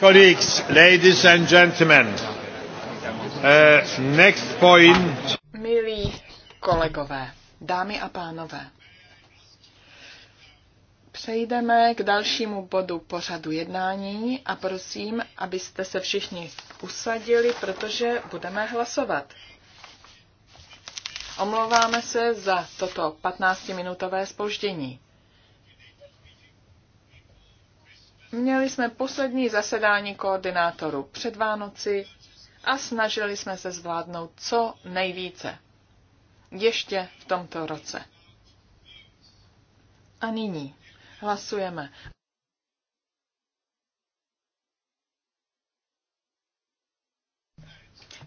colleagues, ladies and gentlemen, uh, next point. Milí kolegové, dámy a pánové, přejdeme k dalšímu bodu pořadu jednání a prosím, abyste se všichni usadili, protože budeme hlasovat. Omlouváme se za toto 15-minutové spoždění. Měli jsme poslední zasedání koordinátoru před Vánoci a snažili jsme se zvládnout co nejvíce. Ještě v tomto roce. A nyní hlasujeme.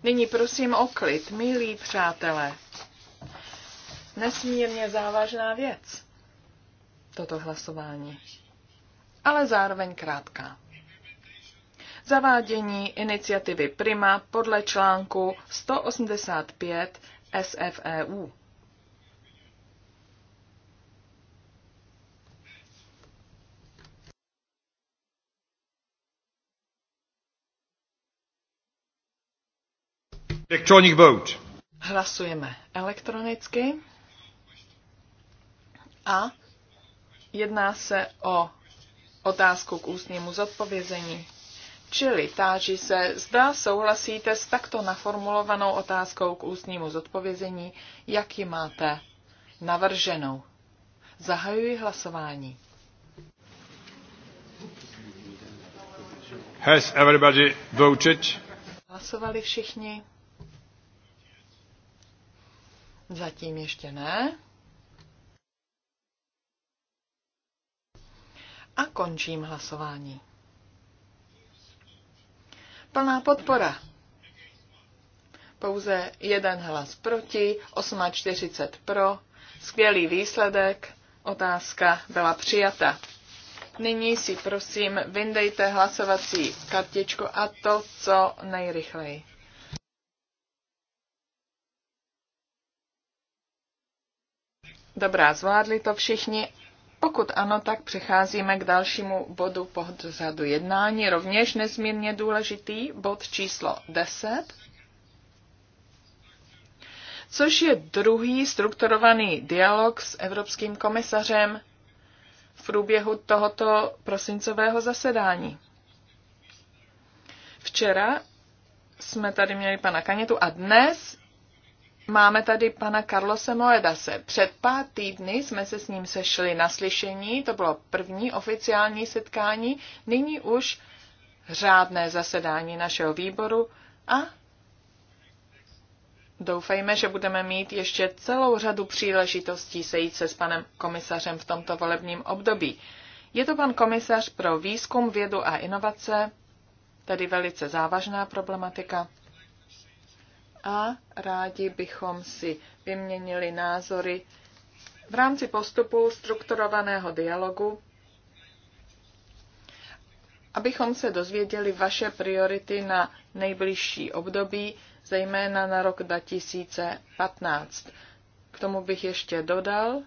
Nyní prosím o klid, milí přátelé. Nesmírně závažná věc, toto hlasování ale zároveň krátká. Zavádění iniciativy Prima podle článku 185 SFEU. Electronic vote. Hlasujeme elektronicky a jedná se o otázku k ústnímu zodpovězení. Čili táží se, zda souhlasíte s takto naformulovanou otázkou k ústnímu zodpovězení, jak ji máte navrženou. Zahajuji hlasování. Has everybody voted? Hlasovali všichni? Zatím ještě ne. A končím hlasování. Plná podpora. Pouze jeden hlas proti, 840 pro. Skvělý výsledek. Otázka byla přijata. Nyní si prosím vyndejte hlasovací kartičku a to, co nejrychleji. Dobrá, zvládli to všichni pokud ano, tak přecházíme k dalšímu bodu pořadu jednání, rovněž nezmírně důležitý, bod číslo 10, což je druhý strukturovaný dialog s Evropským komisařem v průběhu tohoto prosincového zasedání. Včera jsme tady měli pana Kanětu a dnes Máme tady pana Carlose Moedase. Před pár týdny jsme se s ním sešli na slyšení, to bylo první oficiální setkání, nyní už řádné zasedání našeho výboru a doufejme, že budeme mít ještě celou řadu příležitostí sejít se s panem komisařem v tomto volebním období. Je to pan komisař pro výzkum, vědu a inovace, tedy velice závažná problematika a rádi bychom si vyměnili názory v rámci postupu strukturovaného dialogu, abychom se dozvěděli vaše priority na nejbližší období, zejména na rok 2015. K tomu bych ještě dodal,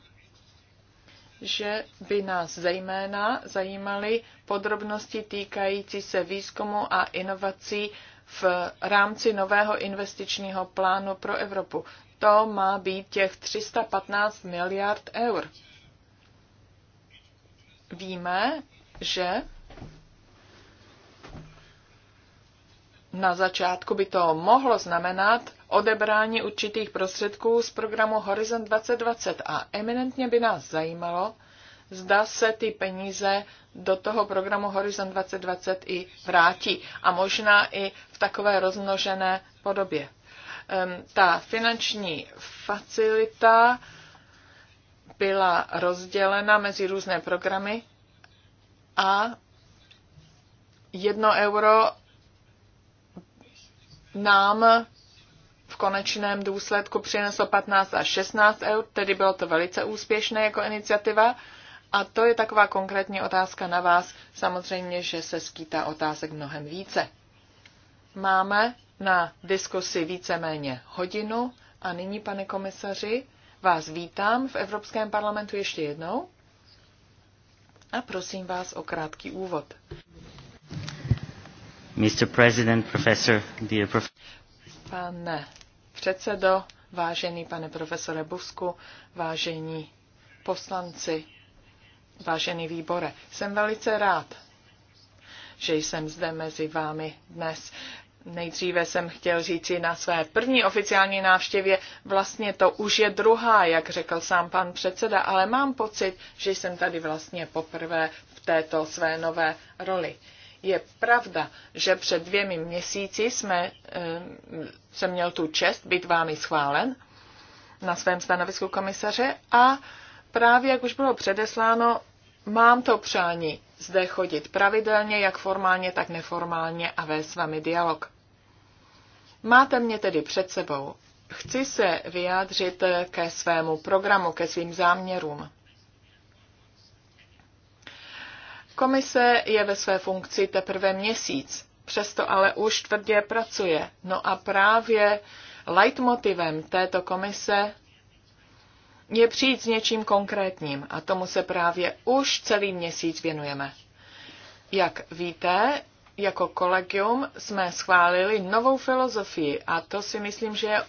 že by nás zejména zajímaly podrobnosti týkající se výzkumu a inovací v rámci nového investičního plánu pro Evropu. To má být těch 315 miliard eur. Víme, že na začátku by to mohlo znamenat odebrání určitých prostředků z programu Horizon 2020 a eminentně by nás zajímalo, zda se ty peníze do toho programu Horizon 2020 i vrátí a možná i v takové rozmnožené podobě. Ta finanční facilita byla rozdělena mezi různé programy a jedno euro nám v konečném důsledku přineslo 15 až 16 eur, tedy bylo to velice úspěšné jako iniciativa. A to je taková konkrétní otázka na vás. Samozřejmě, že se skýtá otázek mnohem více. Máme na diskusi víceméně hodinu a nyní, pane komisaři, vás vítám v Evropském parlamentu ještě jednou a prosím vás o krátký úvod. Mr. President, professor, dear prof... Pane předsedo, vážený pane profesore Busku, vážení poslanci, Vážený výbore, jsem velice rád, že jsem zde mezi vámi dnes. Nejdříve jsem chtěl říci na své první oficiální návštěvě, vlastně to už je druhá, jak řekl sám pan předseda, ale mám pocit, že jsem tady vlastně poprvé v této své nové roli. Je pravda, že před dvěmi měsíci jsme, eh, jsem měl tu čest být vámi schválen na svém stanovisku komisaře a právě, jak už bylo předesláno, mám to přání zde chodit pravidelně, jak formálně, tak neformálně a vést s vámi dialog. Máte mě tedy před sebou. Chci se vyjádřit ke svému programu, ke svým záměrům. Komise je ve své funkci teprve měsíc, přesto ale už tvrdě pracuje. No a právě leitmotivem této komise je přijít s něčím konkrétním a tomu se právě už celý měsíc věnujeme. Jak víte, jako kolegium jsme schválili novou filozofii a to si myslím, že je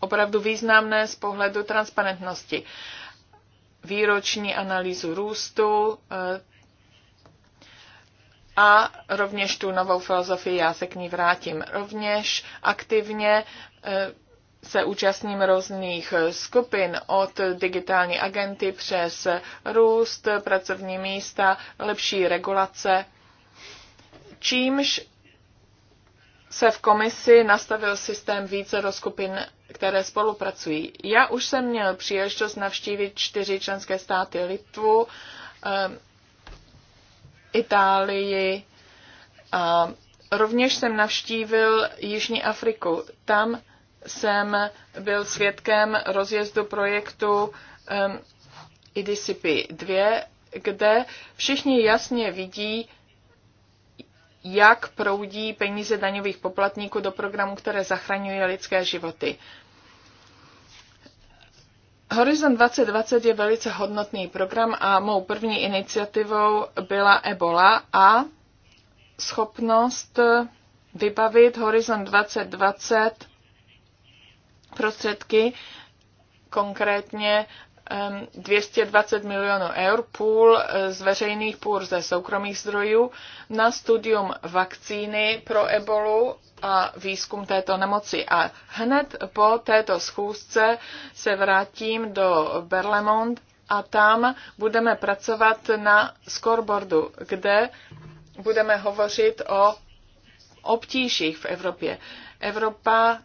opravdu významné z pohledu transparentnosti. Výroční analýzu růstu eh, a rovněž tu novou filozofii, já se k ní vrátím, rovněž aktivně eh, se účastním různých skupin od digitální agenty přes růst, pracovní místa, lepší regulace, čímž se v komisi nastavil systém více skupin, které spolupracují. Já už jsem měl příležitost navštívit čtyři členské státy Litvu, ehm, Itálii a rovněž jsem navštívil Jižní Afriku. Tam jsem byl svědkem rozjezdu projektu um, IDCP 2, kde všichni jasně vidí, jak proudí peníze daňových poplatníků do programů, které zachraňují lidské životy. Horizon 2020 je velice hodnotný program a mou první iniciativou byla Ebola a schopnost vybavit Horizon 2020 prostředky, konkrétně 220 milionů eur, půl eh, z veřejných, půl ze soukromých zdrojů, na studium vakcíny pro ebolu a výzkum této nemoci. A hned po této schůzce se vrátím do Berlemont a tam budeme pracovat na scoreboardu, kde budeme hovořit o obtížích v Evropě. Evropa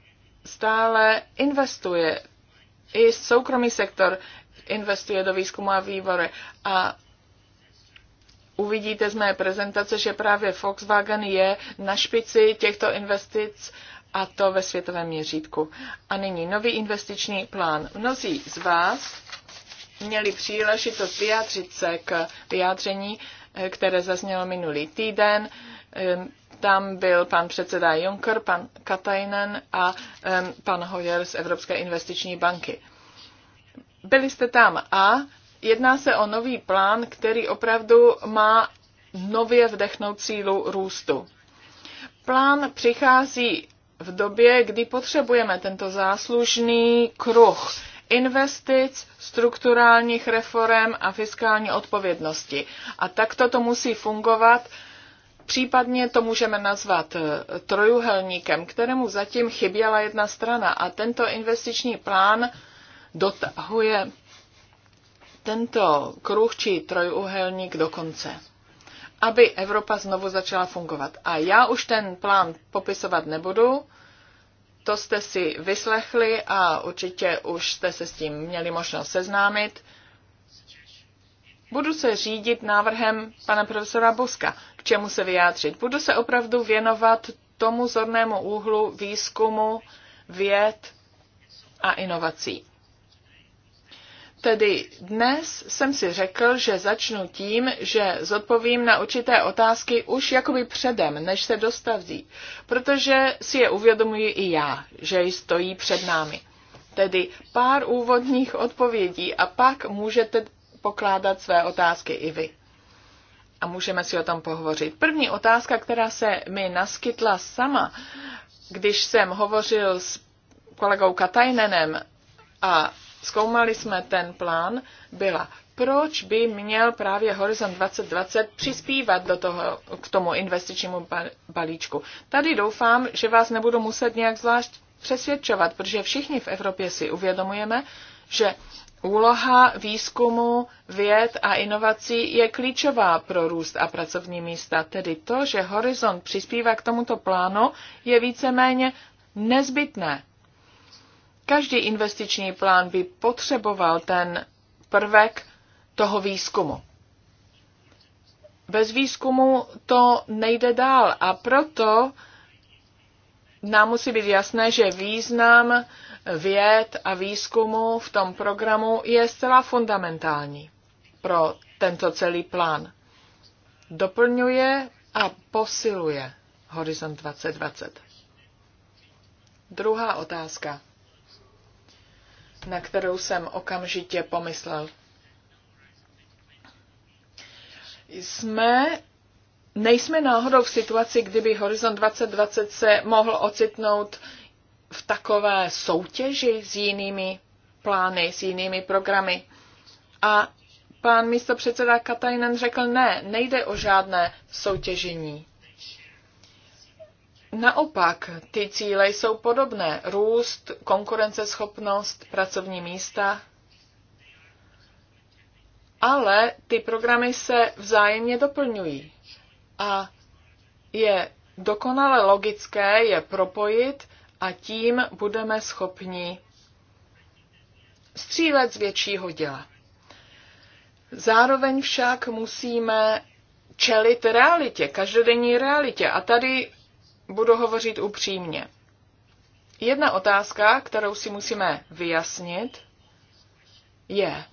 stále investuje. I soukromý sektor investuje do výzkumu a vývoje. A uvidíte z mé prezentace, že právě Volkswagen je na špici těchto investic a to ve světovém měřítku. A nyní nový investiční plán. Mnozí z vás měli příležitost vyjádřit se k vyjádření, eh, které zaznělo minulý týden. Ehm, tam byl pan předseda Juncker, pan Katajnen a um, pan Hoyer z Evropské investiční banky. Byli jste tam a jedná se o nový plán, který opravdu má nově vdechnout sílu růstu. Plán přichází v době, kdy potřebujeme tento záslužný kruh investic, strukturálních reform a fiskální odpovědnosti. A takto to musí fungovat Případně to můžeme nazvat eh, trojuhelníkem, kterému zatím chyběla jedna strana a tento investiční plán dotahuje tento kruh či trojuhelník do konce, aby Evropa znovu začala fungovat. A já už ten plán popisovat nebudu, to jste si vyslechli a určitě už jste se s tím měli možnost seznámit. Budu se řídit návrhem pana profesora Buska čemu se vyjádřit. Budu se opravdu věnovat tomu zornému úhlu výzkumu, věd a inovací. Tedy dnes jsem si řekl, že začnu tím, že zodpovím na určité otázky už jakoby předem, než se dostaví, protože si je uvědomuji i já, že stojí před námi. Tedy pár úvodních odpovědí a pak můžete pokládat své otázky i vy a můžeme si o tom pohovořit. První otázka, která se mi naskytla sama, když jsem hovořil s kolegou Katajnenem a zkoumali jsme ten plán, byla, proč by měl právě Horizont 2020 přispívat do toho, k tomu investičnímu balíčku. Tady doufám, že vás nebudu muset nějak zvlášť přesvědčovat, protože všichni v Evropě si uvědomujeme, že Úloha výzkumu, věd a inovací je klíčová pro růst a pracovní místa, tedy to, že Horizont přispívá k tomuto plánu, je víceméně nezbytné. Každý investiční plán by potřeboval ten prvek toho výzkumu. Bez výzkumu to nejde dál a proto nám musí být jasné, že význam věd a výzkumu v tom programu je zcela fundamentální pro tento celý plán. Doplňuje a posiluje Horizont 2020. Druhá otázka, na kterou jsem okamžitě pomyslel. Jsme nejsme náhodou v situaci, kdyby Horizont 2020 se mohl ocitnout v takové soutěži s jinými plány, s jinými programy. A pan místo předseda Katajnen řekl, ne, nejde o žádné soutěžení. Naopak, ty cíle jsou podobné. Růst, konkurenceschopnost, pracovní místa. Ale ty programy se vzájemně doplňují. A je dokonale logické je propojit a tím budeme schopni střílet z většího děla. Zároveň však musíme čelit realitě, každodenní realitě. A tady budu hovořit upřímně. Jedna otázka, kterou si musíme vyjasnit, je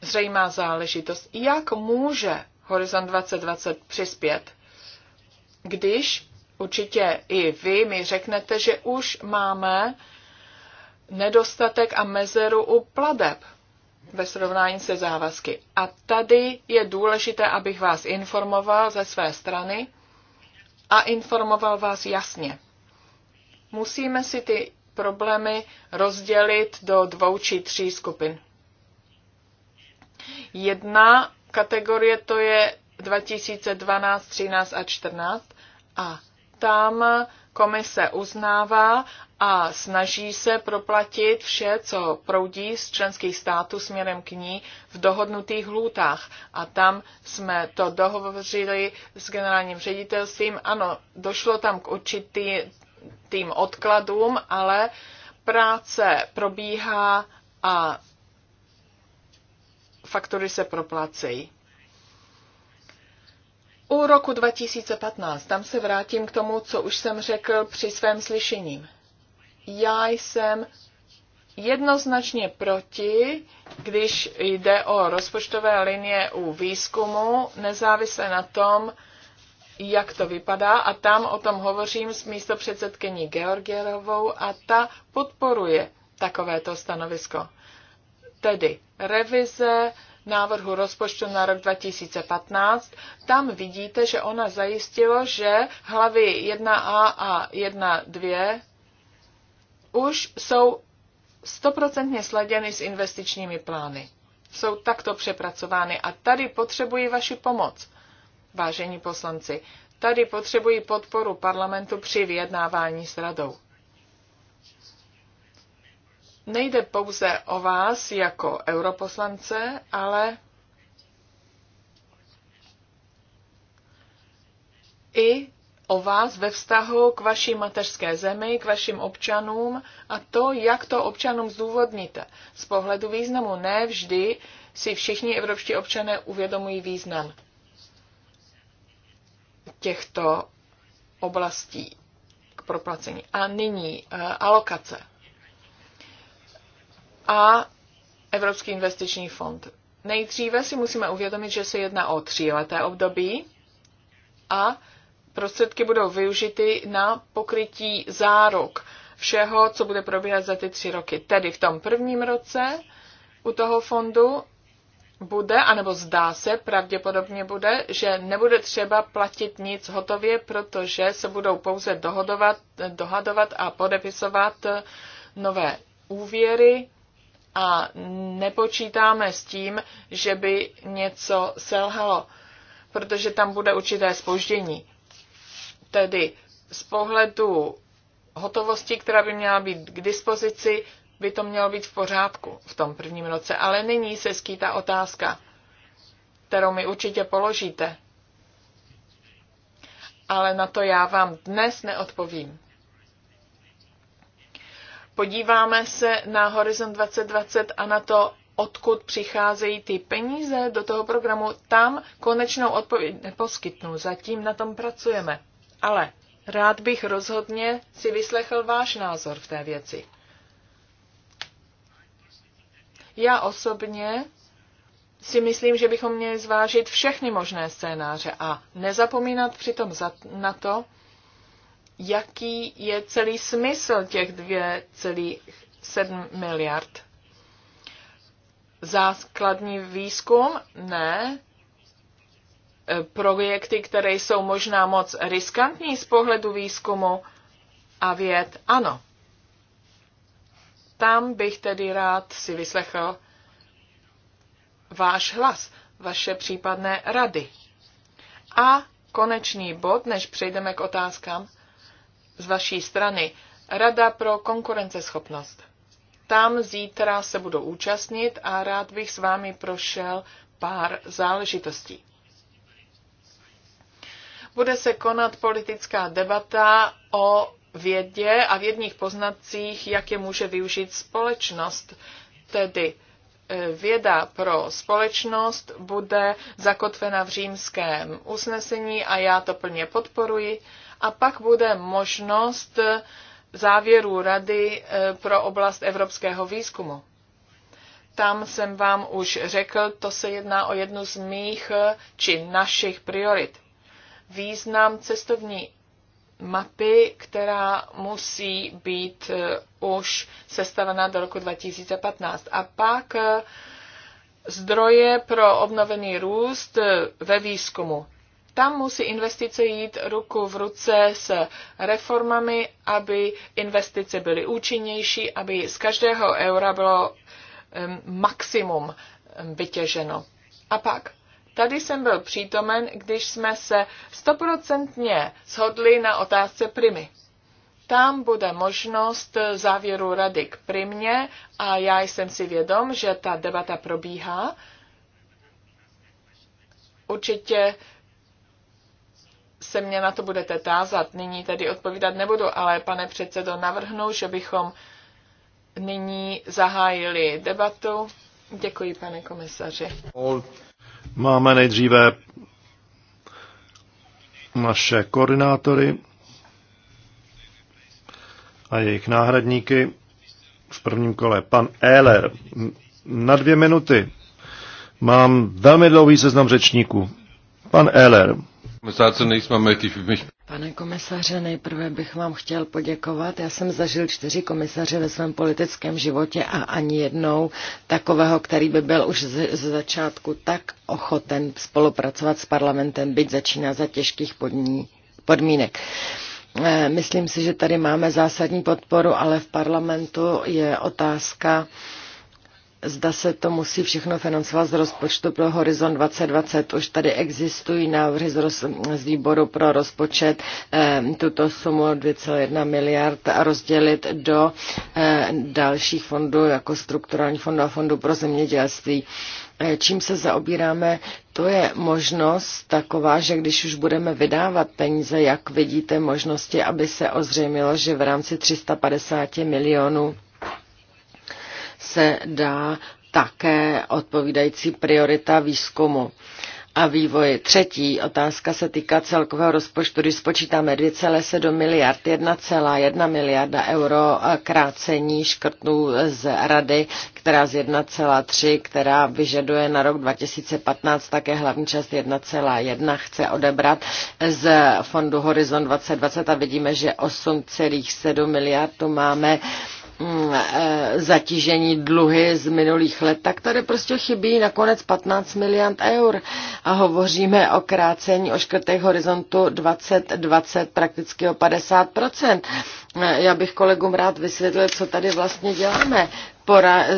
zřejmá záležitost, jak může Horizon 2020 přispět, když určitě i vy mi řeknete, že už máme nedostatek a mezeru u pladeb ve srovnání se závazky. A tady je důležité, abych vás informoval ze své strany a informoval vás jasně. Musíme si ty problémy rozdělit do dvou či tří skupin. Jedna kategorie to je 2012, 13 a 14 a tam komise uznává a snaží se proplatit vše, co proudí z členských států směrem k ní v dohodnutých lůtách. A tam jsme to dohovořili s generálním ředitelstvím. Ano, došlo tam k určitým odkladům, ale práce probíhá a faktory se proplácejí. U roku 2015, tam se vrátím k tomu, co už jsem řekl při svém slyšení. Já jsem jednoznačně proti, když jde o rozpočtové linie u výzkumu, nezávisle na tom, jak to vypadá a tam o tom hovořím s místo předsedkyní Georgierovou a ta podporuje takovéto stanovisko. Tedy revize návrhu rozpočtu na rok 2015, tam vidíte, že ona zajistila, že hlavy 1a a 1.2 už jsou stoprocentně sladěny s investičními plány. Jsou takto přepracovány a tady potřebují vaši pomoc, vážení poslanci. Tady potřebují podporu parlamentu při vyjednávání s radou nejde pouze o vás jako europoslance, ale i o vás ve vztahu k vaší mateřské zemi, k vašim občanům a to, jak to občanům zdůvodníte. Z pohledu významu ne vždy si všichni evropští občané uvědomují význam těchto oblastí k proplacení. A nyní eh, alokace a Evropský investiční fond. Nejdříve si musíme uvědomit, že se jedná o tříleté období a prostředky budou využity na pokrytí záruk všeho, co bude probíhat za ty tři roky. Tedy v tom prvním roce u toho fondu bude, anebo zdá se, pravděpodobně bude, že nebude třeba platit nic hotově, protože se budou pouze dohodovat, dohadovat a podepisovat nové úvěry a nepočítáme s tím, že by něco selhalo, protože tam bude určité spoždění. Tedy z pohledu hotovosti, která by měla být k dispozici, by to mělo být v pořádku v tom prvním roce. Ale nyní se skýtá otázka, kterou mi určitě položíte. Ale na to já vám dnes neodpovím. Podíváme se na Horizon 2020 a na to, odkud přicházejí ty peníze do toho programu, tam konečnou odpověď neposkytnu. Zatím na tom pracujeme. Ale rád bych rozhodně si vyslechl váš názor v té věci. Já osobně si myslím, že bychom měli zvážit všechny možné scénáře a nezapomínat přitom na to, jaký je celý smysl těch 2,7 miliard. Základní výzkum? Ne. Projekty, které jsou možná moc riskantní z pohledu výzkumu a věd? Ano. Tam bych tedy rád si vyslechl váš hlas, vaše případné rady. A konečný bod, než přejdeme k otázkám, z vaší strany Rada pro konkurenceschopnost. Tam zítra se budu účastnit a rád bych s vámi prošel pár záležitostí. Bude se konat politická debata o vědě a vědních poznatcích, jak je může využít společnost, tedy e, věda pro společnost bude zakotvena v římském usnesení a já to plně podporuji a pak bude možnost eh, závěrů Rady eh, pro oblast evropského výzkumu. Tam jsem vám už řekl, to se jedná o jednu z mých eh, či našich priorit. Význam cestovní mapy, která musí být už sestavena do roku 2015. A pak zdroje pro obnovený růst ve výzkumu. Tam musí investice jít ruku v ruce s reformami, aby investice byly účinnější, aby z každého eura bylo maximum vytěženo. A pak Tady jsem byl přítomen, když jsme se stoprocentně shodli na otázce primy. Tam bude možnost závěru rady k primě a já jsem si vědom, že ta debata probíhá. Určitě se mě na to budete tázat. Nyní tedy odpovídat nebudu, ale pane předsedo, navrhnu, že bychom nyní zahájili debatu. Děkuji, pane komisaři. Máme nejdříve naše koordinátory a jejich náhradníky. V prvním kole pan Ehler. Na dvě minuty. Mám velmi dlouhý seznam řečníků. Pan Ehler. Pane komisaře, nejprve bych vám chtěl poděkovat. Já jsem zažil čtyři komisaře ve svém politickém životě a ani jednou takového, který by byl už z začátku tak ochoten spolupracovat s parlamentem, byť začíná za těžkých podní, podmínek. Eh, myslím si, že tady máme zásadní podporu, ale v parlamentu je otázka, zda se to musí všechno financovat z rozpočtu pro Horizon 2020. Už tady existují návrhy z, roz, z výboru pro rozpočet eh, tuto sumu 2,1 miliard a rozdělit do eh, dalších fondů, jako strukturální fond a fondu pro zemědělství. Eh, čím se zaobíráme, to je možnost taková, že když už budeme vydávat peníze, jak vidíte možnosti, aby se ozřejmilo, že v rámci 350 milionů se dá také odpovídající priorita výzkumu a vývoji. Třetí otázka se týká celkového rozpočtu. Když spočítáme 2,7 miliard, 1,1 miliarda euro krácení škrtů z rady, která z 1,3, která vyžaduje na rok 2015, také hlavní část 1,1 chce odebrat z fondu Horizon 2020 a vidíme, že 8,7 miliard tu máme Mm, eh, zatížení dluhy z minulých let, tak tady prostě chybí nakonec 15 miliard eur a hovoříme o krácení, o škrtech horizontu 2020 prakticky o 50%. Eh, já bych kolegům rád vysvětlil, co tady vlastně děláme. Pora, eh,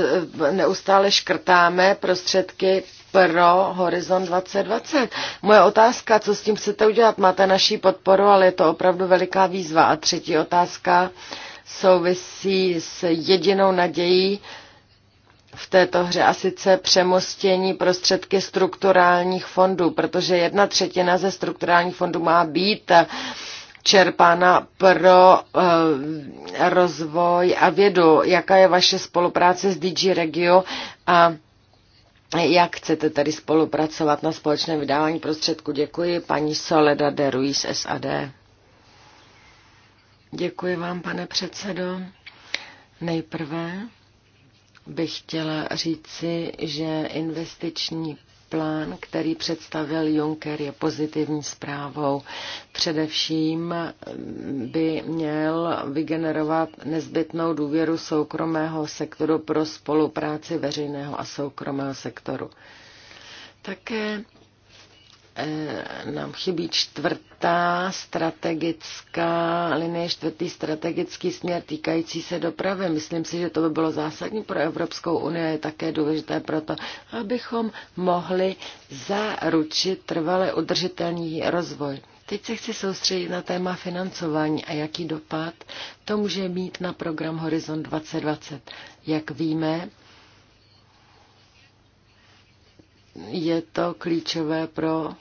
neustále škrtáme prostředky pro Horizon 2020. Moje otázka, co s tím chcete udělat? Máte naší podporu, ale je to opravdu veliká výzva. A třetí otázka, souvisí s jedinou nadějí v této hře a sice přemostění prostředky strukturálních fondů, protože jedna třetina ze strukturálních fondů má být čerpána pro e, rozvoj a vědu. Jaká je vaše spolupráce s DG Regio a jak chcete tady spolupracovat na společné vydávání prostředku? Děkuji, paní Soleda de Ruiz SAD. Děkuji vám, pane předsedo. Nejprve bych chtěla říci, že investiční plán, který představil Juncker, je pozitivní zprávou. Především by měl vygenerovat nezbytnou důvěru soukromého sektoru pro spolupráci veřejného a soukromého sektoru. Také Eh, nám chybí čtvrtá strategická linie, čtvrtý strategický směr týkající se dopravy. Myslím si, že to by bylo zásadní pro Evropskou unii a je také důležité proto, abychom mohli zaručit trvale udržitelný rozvoj. Teď se chci soustředit na téma financování a jaký dopad to může mít na program Horizon 2020. Jak víme, je to klíčové pro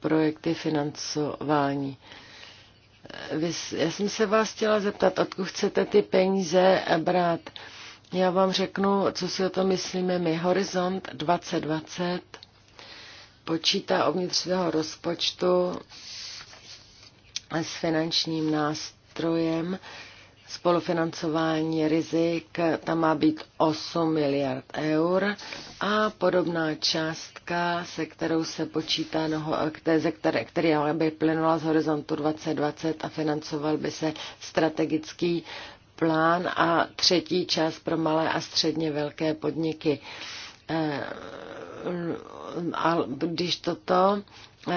projekty financování. Vy, já jsem se vás chtěla zeptat, odkud chcete ty peníze brát. Já vám řeknu, co si o to myslíme my. Horizont 2020 počítá ovnitř svého rozpočtu s finančním nástrojem, spolufinancování rizik, tam má být 8 miliard eur a podobná částka, se kterou se počítá, noho, ze které, který by plynula z horizontu 2020 a financoval by se strategický plán a třetí část pro malé a středně velké podniky. Eh, a když toto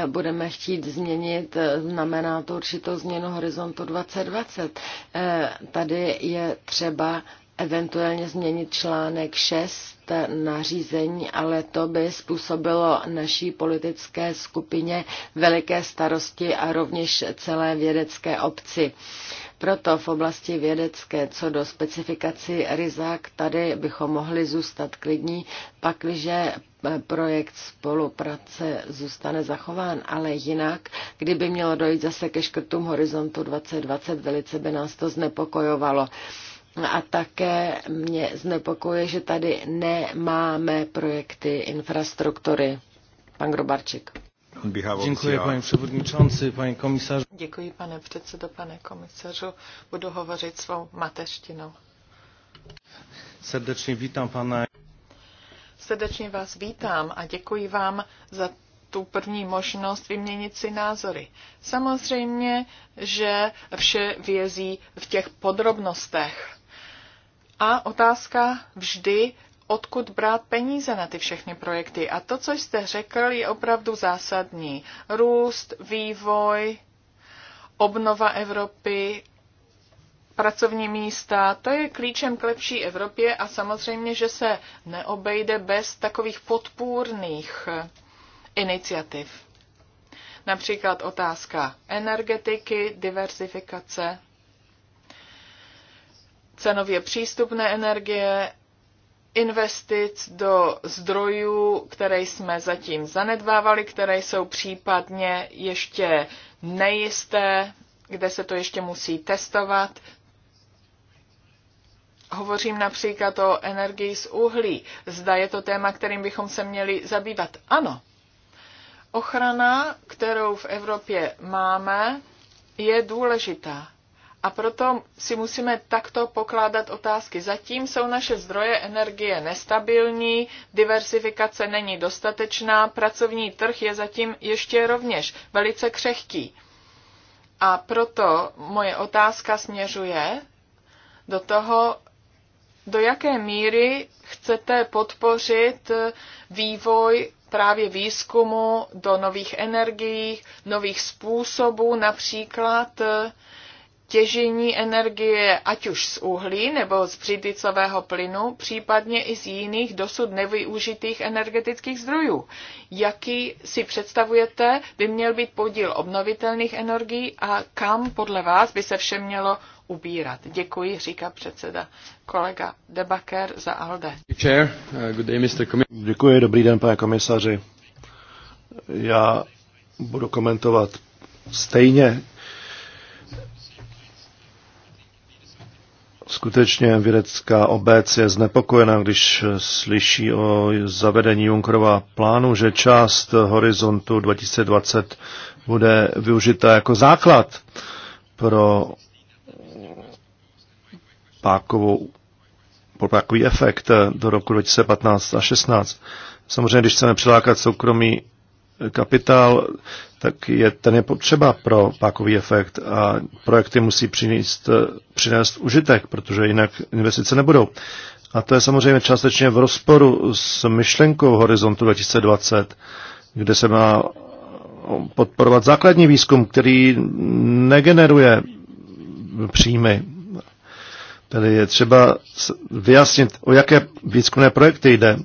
budeme chtít změnit, znamená to určitou změnu horizontu 2020. Eh, tady je třeba eventuálně změnit článek 6 nařízení, ale to by způsobilo naší politické skupině veliké starosti a rovněž celé vědecké obci. Proto v oblasti vědecké co do specifikaci Rizak tady bychom mohli zůstat klidní, pakliže projekt spolupráce zůstane zachován, ale jinak, kdyby mělo dojít zase ke škrtům horizontu 2020, velice by nás to znepokojovalo. A také mě znepokojuje, že tady nemáme projekty infrastruktury. Pan Grobarčik. Děkuji, pane předsedající, pane komisaři. Děkuji, pane předsedo, pane komisařu. Budu hovořit svou mateřštinou. Srdečně vítám pana. Srdečně vás vítám a děkuji vám za tu první možnost vyměnit si názory. Samozřejmě, že vše vězí v těch podrobnostech. A otázka vždy odkud brát peníze na ty všechny projekty. A to, co jste řekl, je opravdu zásadní. Růst, vývoj, obnova Evropy, pracovní místa, to je klíčem k lepší Evropě a samozřejmě, že se neobejde bez takových podpůrných iniciativ. Například otázka energetiky, diversifikace, cenově přístupné energie, investic do zdrojů, které jsme zatím zanedbávali, které jsou případně ještě nejisté, kde se to ještě musí testovat. Hovořím například o energii z uhlí. Zda je to téma, kterým bychom se měli zabývat. Ano. Ochrana, kterou v Evropě máme, je důležitá. A proto si musíme takto pokládat otázky. Zatím jsou naše zdroje energie nestabilní, diversifikace není dostatečná, pracovní trh je zatím ještě rovněž velice křehký. A proto moje otázka směřuje do toho, do jaké míry chcete podpořit vývoj právě výzkumu do nových energií, nových způsobů, například těžení energie ať už z uhlí nebo z břidlicového plynu, případně i z jiných dosud nevyužitých energetických zdrojů. Jaký si představujete by měl být podíl obnovitelných energií a kam podle vás by se vše mělo ubírat? Děkuji, říká předseda kolega Debaker za ALDE. Uh, Děkuji, dobrý den, pane komisaři. Já budu komentovat stejně Skutečně vědecká obec je znepokojená, když slyší o zavedení Junkerova plánu, že část horizontu 2020 bude využita jako základ pro pákovou, pro pákový efekt do roku 2015 a 16. Samozřejmě, když chceme přilákat soukromý kapitál, tak je, ten je potřeba pro pákový efekt a projekty musí přinést, přinést užitek, protože jinak investice nebudou. A to je samozřejmě částečně v rozporu s myšlenkou Horizontu 2020, kde se má podporovat základní výzkum, který negeneruje příjmy. Tedy je třeba vyjasnit, o jaké výzkumné projekty jde.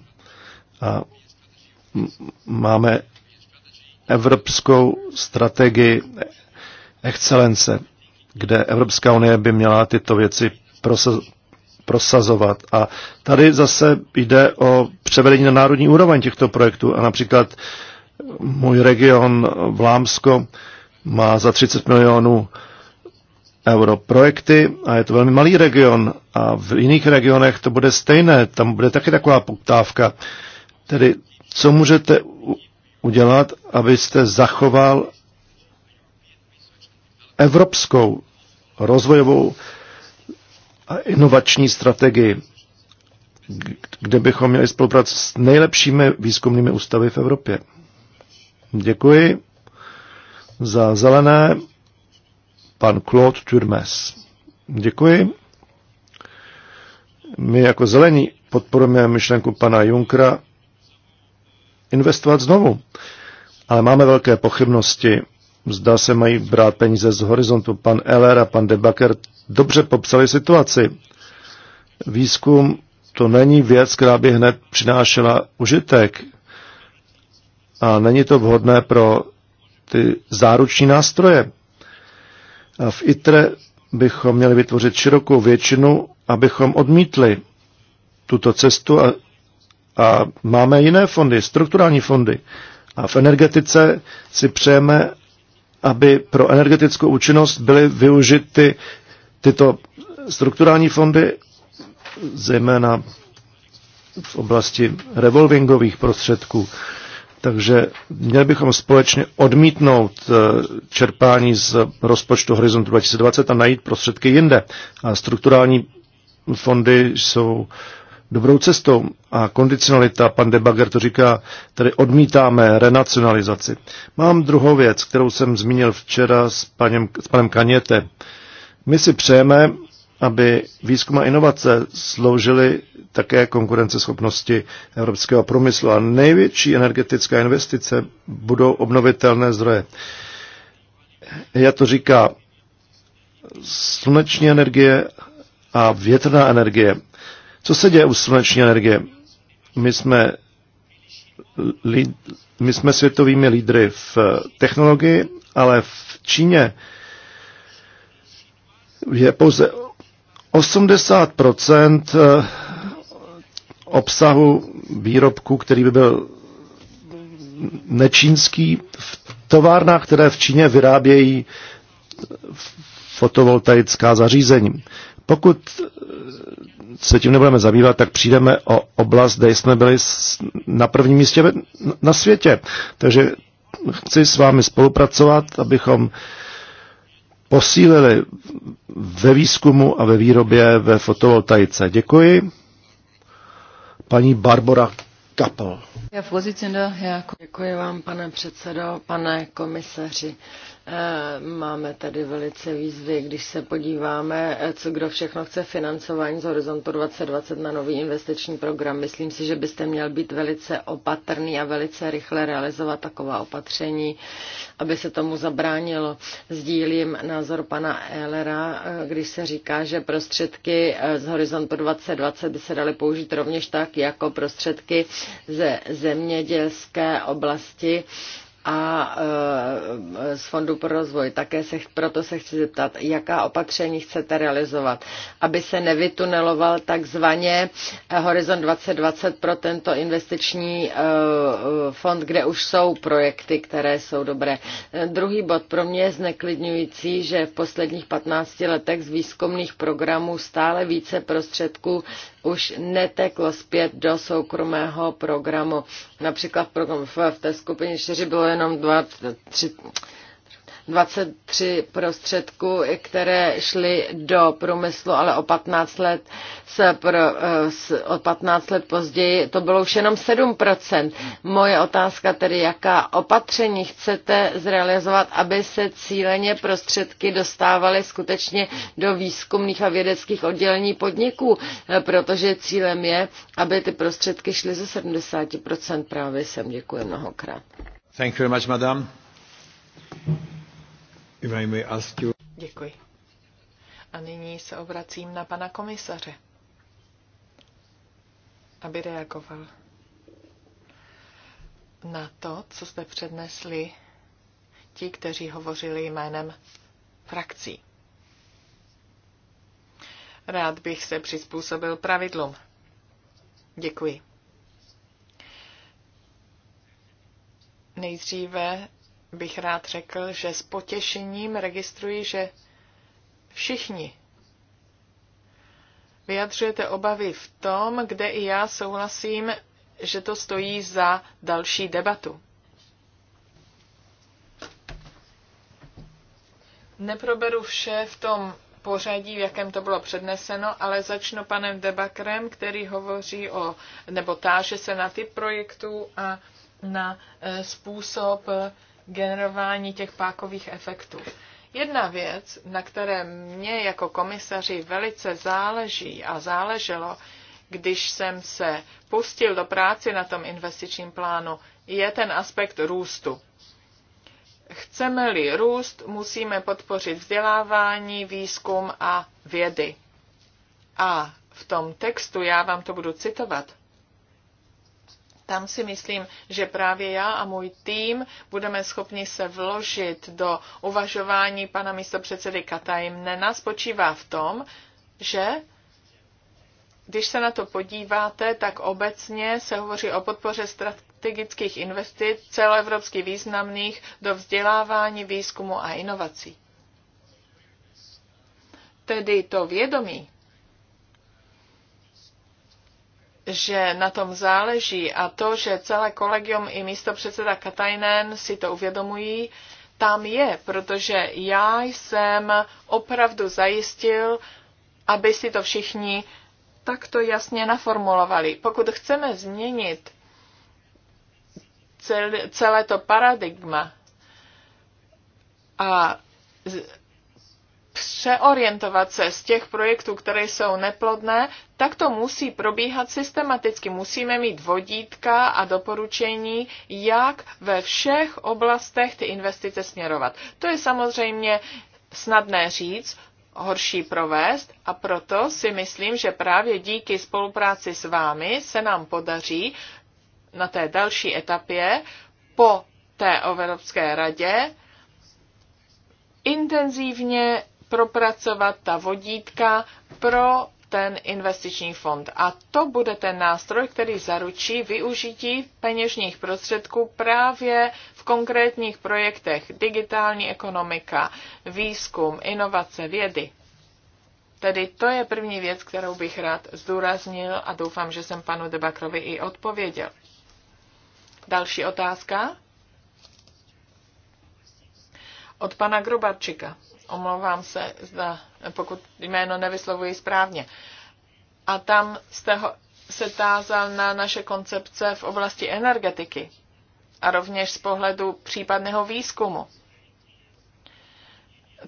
A máme evropskou strategii excelence, kde Evropská unie by měla tyto věci prosazovat. A tady zase jde o převedení na národní úroveň těchto projektů. A například můj region Vlámsko má za 30 milionů euro projekty a je to velmi malý region a v jiných regionech to bude stejné, tam bude taky taková poptávka. Tedy co můžete udělat, abyste zachoval evropskou rozvojovou a inovační strategii, kde bychom měli spolupracovat s nejlepšími výzkumnými ústavy v Evropě. Děkuji za zelené pan Claude Turmes. Děkuji. My jako zelení podporujeme myšlenku pana Junkra investovat znovu. Ale máme velké pochybnosti, zda se mají brát peníze z horizontu. Pan Eller a pan Debaker dobře popsali situaci. Výzkum to není věc, která by hned přinášela užitek. A není to vhodné pro ty záruční nástroje. A v ITRE bychom měli vytvořit širokou většinu, abychom odmítli tuto cestu a a máme jiné fondy, strukturální fondy. A v energetice si přejeme, aby pro energetickou účinnost byly využity tyto strukturální fondy, zejména v oblasti revolvingových prostředků. Takže měli bychom společně odmítnout eh, čerpání z rozpočtu Horizontu 2020 a najít prostředky jinde. A strukturální fondy jsou dobrou cestou. A kondicionalita, pan Debager to říká, tedy odmítáme renacionalizaci. Mám druhou věc, kterou jsem zmínil včera s, panem, s panem Kaněte. My si přejeme, aby výzkum a inovace sloužily také konkurenceschopnosti evropského průmyslu. A největší energetická investice budou obnovitelné zdroje. Já to říká sluneční energie a větrná energie. Co se děje u sluneční energie? My jsme, lid, my jsme světovými lídry v eh, technologii, ale v Číně je pouze 80 eh, obsahu výrobku, který by byl nečínský, v továrnách, které v Číně vyrábějí eh, fotovoltaická zařízení. Pokud eh, se tím nebudeme zabývat, tak přijdeme o oblast, kde jsme byli na prvním místě na světě. Takže chci s vámi spolupracovat, abychom posílili ve výzkumu a ve výrobě ve fotovoltaice. Děkuji. Paní Barbara Kapel. No, jako- Děkuji vám, pane předsedo, pane komisaři. Eh, máme tady velice výzvy, když se podíváme, eh, co kdo všechno chce financování z Horizontu 2020 na nový investiční program. Myslím si, že byste měl být velice opatrný a velice rychle realizovat taková opatření, aby se tomu zabránilo. Sdílím názor pana Ehlera, eh, když se říká, že prostředky z Horizontu 2020 by se daly použít rovněž tak, jako prostředky ze zemědělské oblasti a e, z Fondu pro rozvoj. Také se, proto se chci zeptat, jaká opatření chcete realizovat, aby se nevytuneloval takzvaně e, Horizon 2020 pro tento investiční e, fond, kde už jsou projekty, které jsou dobré. Druhý bod pro mě je zneklidňující, že v posledních 15 letech z výzkumných programů stále více prostředků už neteklo zpět do soukromého programu. Například v, program v té skupině 4 bylo jenom 2, 3, 23 prostředků, které šly do průmyslu, ale o 15 let, se pro, eh, s, o 15 let později to bylo už jenom 7 Moje otázka tedy, jaká opatření chcete zrealizovat, aby se cíleně prostředky dostávaly skutečně do výzkumných a vědeckých oddělení podniků, eh, protože cílem je, aby ty prostředky šly ze 70 právě sem. Děkuji mnohokrát. Thank you very much, madam. Děkuji. A nyní se obracím na pana komisaře, aby reagoval na to, co jste přednesli ti, kteří hovořili jménem frakcí. Rád bych se přizpůsobil pravidlům. Děkuji. Nejdříve bych rád řekl, že s potěšením registruji, že všichni vyjadřujete obavy v tom, kde i já souhlasím, že to stojí za další debatu. Neproberu vše v tom pořadí, v jakém to bylo předneseno, ale začnu panem Debakrem, který hovoří o, nebo táže se na typ projektů a na eh, způsob generování těch pákových efektů. Jedna věc, na které mě jako komisaři velice záleží a záleželo, když jsem se pustil do práce na tom investičním plánu, je ten aspekt růstu. Chceme-li růst, musíme podpořit vzdělávání, výzkum a vědy. A v tom textu, já vám to budu citovat, tam si myslím, že právě já a můj tým budeme schopni se vložit do uvažování pana místopředsedy Katajmnena. Spočívá v tom, že když se na to podíváte, tak obecně se hovoří o podpoře strategických investic celoevropsky významných do vzdělávání, výzkumu a inovací. Tedy to vědomí, že na tom záleží a to, že celé kolegium i místo předseda Katajnen si to uvědomují, tam je, protože já jsem opravdu zajistil, aby si to všichni takto jasně naformulovali. Pokud chceme změnit celé to paradigma a přeorientovat se z těch projektů, které jsou neplodné, tak to musí probíhat systematicky. Musíme mít vodítka a doporučení, jak ve všech oblastech ty investice směrovat. To je samozřejmě snadné říct, horší provést a proto si myslím, že právě díky spolupráci s vámi se nám podaří na té další etapě po té Evropské radě intenzivně propracovat ta vodítka pro ten investiční fond. A to bude ten nástroj, který zaručí využití peněžních prostředků právě v konkrétních projektech digitální ekonomika, výzkum, inovace, vědy. Tedy to je první věc, kterou bych rád zdůraznil a doufám, že jsem panu Debakrovi i odpověděl. Další otázka od pana Grubarčika omlouvám se, zda, pokud jméno nevyslovuji správně. A tam jste ho, se tázal na naše koncepce v oblasti energetiky a rovněž z pohledu případného výzkumu.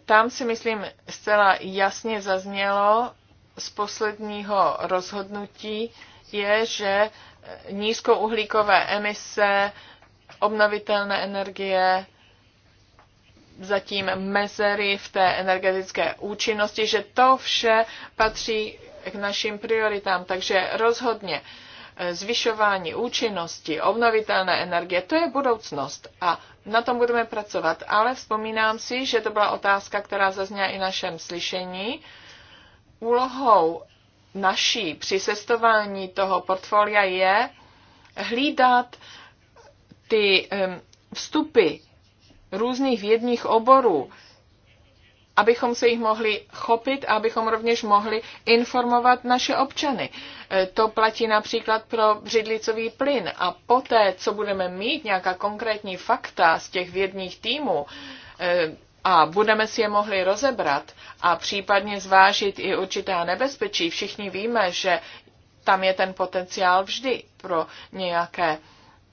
Tam si myslím zcela jasně zaznělo z posledního rozhodnutí, je, že nízkouhlíkové emise, obnovitelné energie, zatím mezery v té energetické účinnosti, že to vše patří k našim prioritám. Takže rozhodně e, zvyšování účinnosti, obnovitelné energie, to je budoucnost a na tom budeme pracovat. Ale vzpomínám si, že to byla otázka, která zazněla i našem slyšení. Úlohou naší při sestování toho portfolia je hlídat ty vstupy různých vědních oborů, abychom se jich mohli chopit a abychom rovněž mohli informovat naše občany. E, to platí například pro břidlicový plyn a poté, co budeme mít nějaká konkrétní fakta z těch vědních týmů, e, a budeme si je mohli rozebrat a případně zvážit i určitá nebezpečí. Všichni víme, že tam je ten potenciál vždy pro nějaké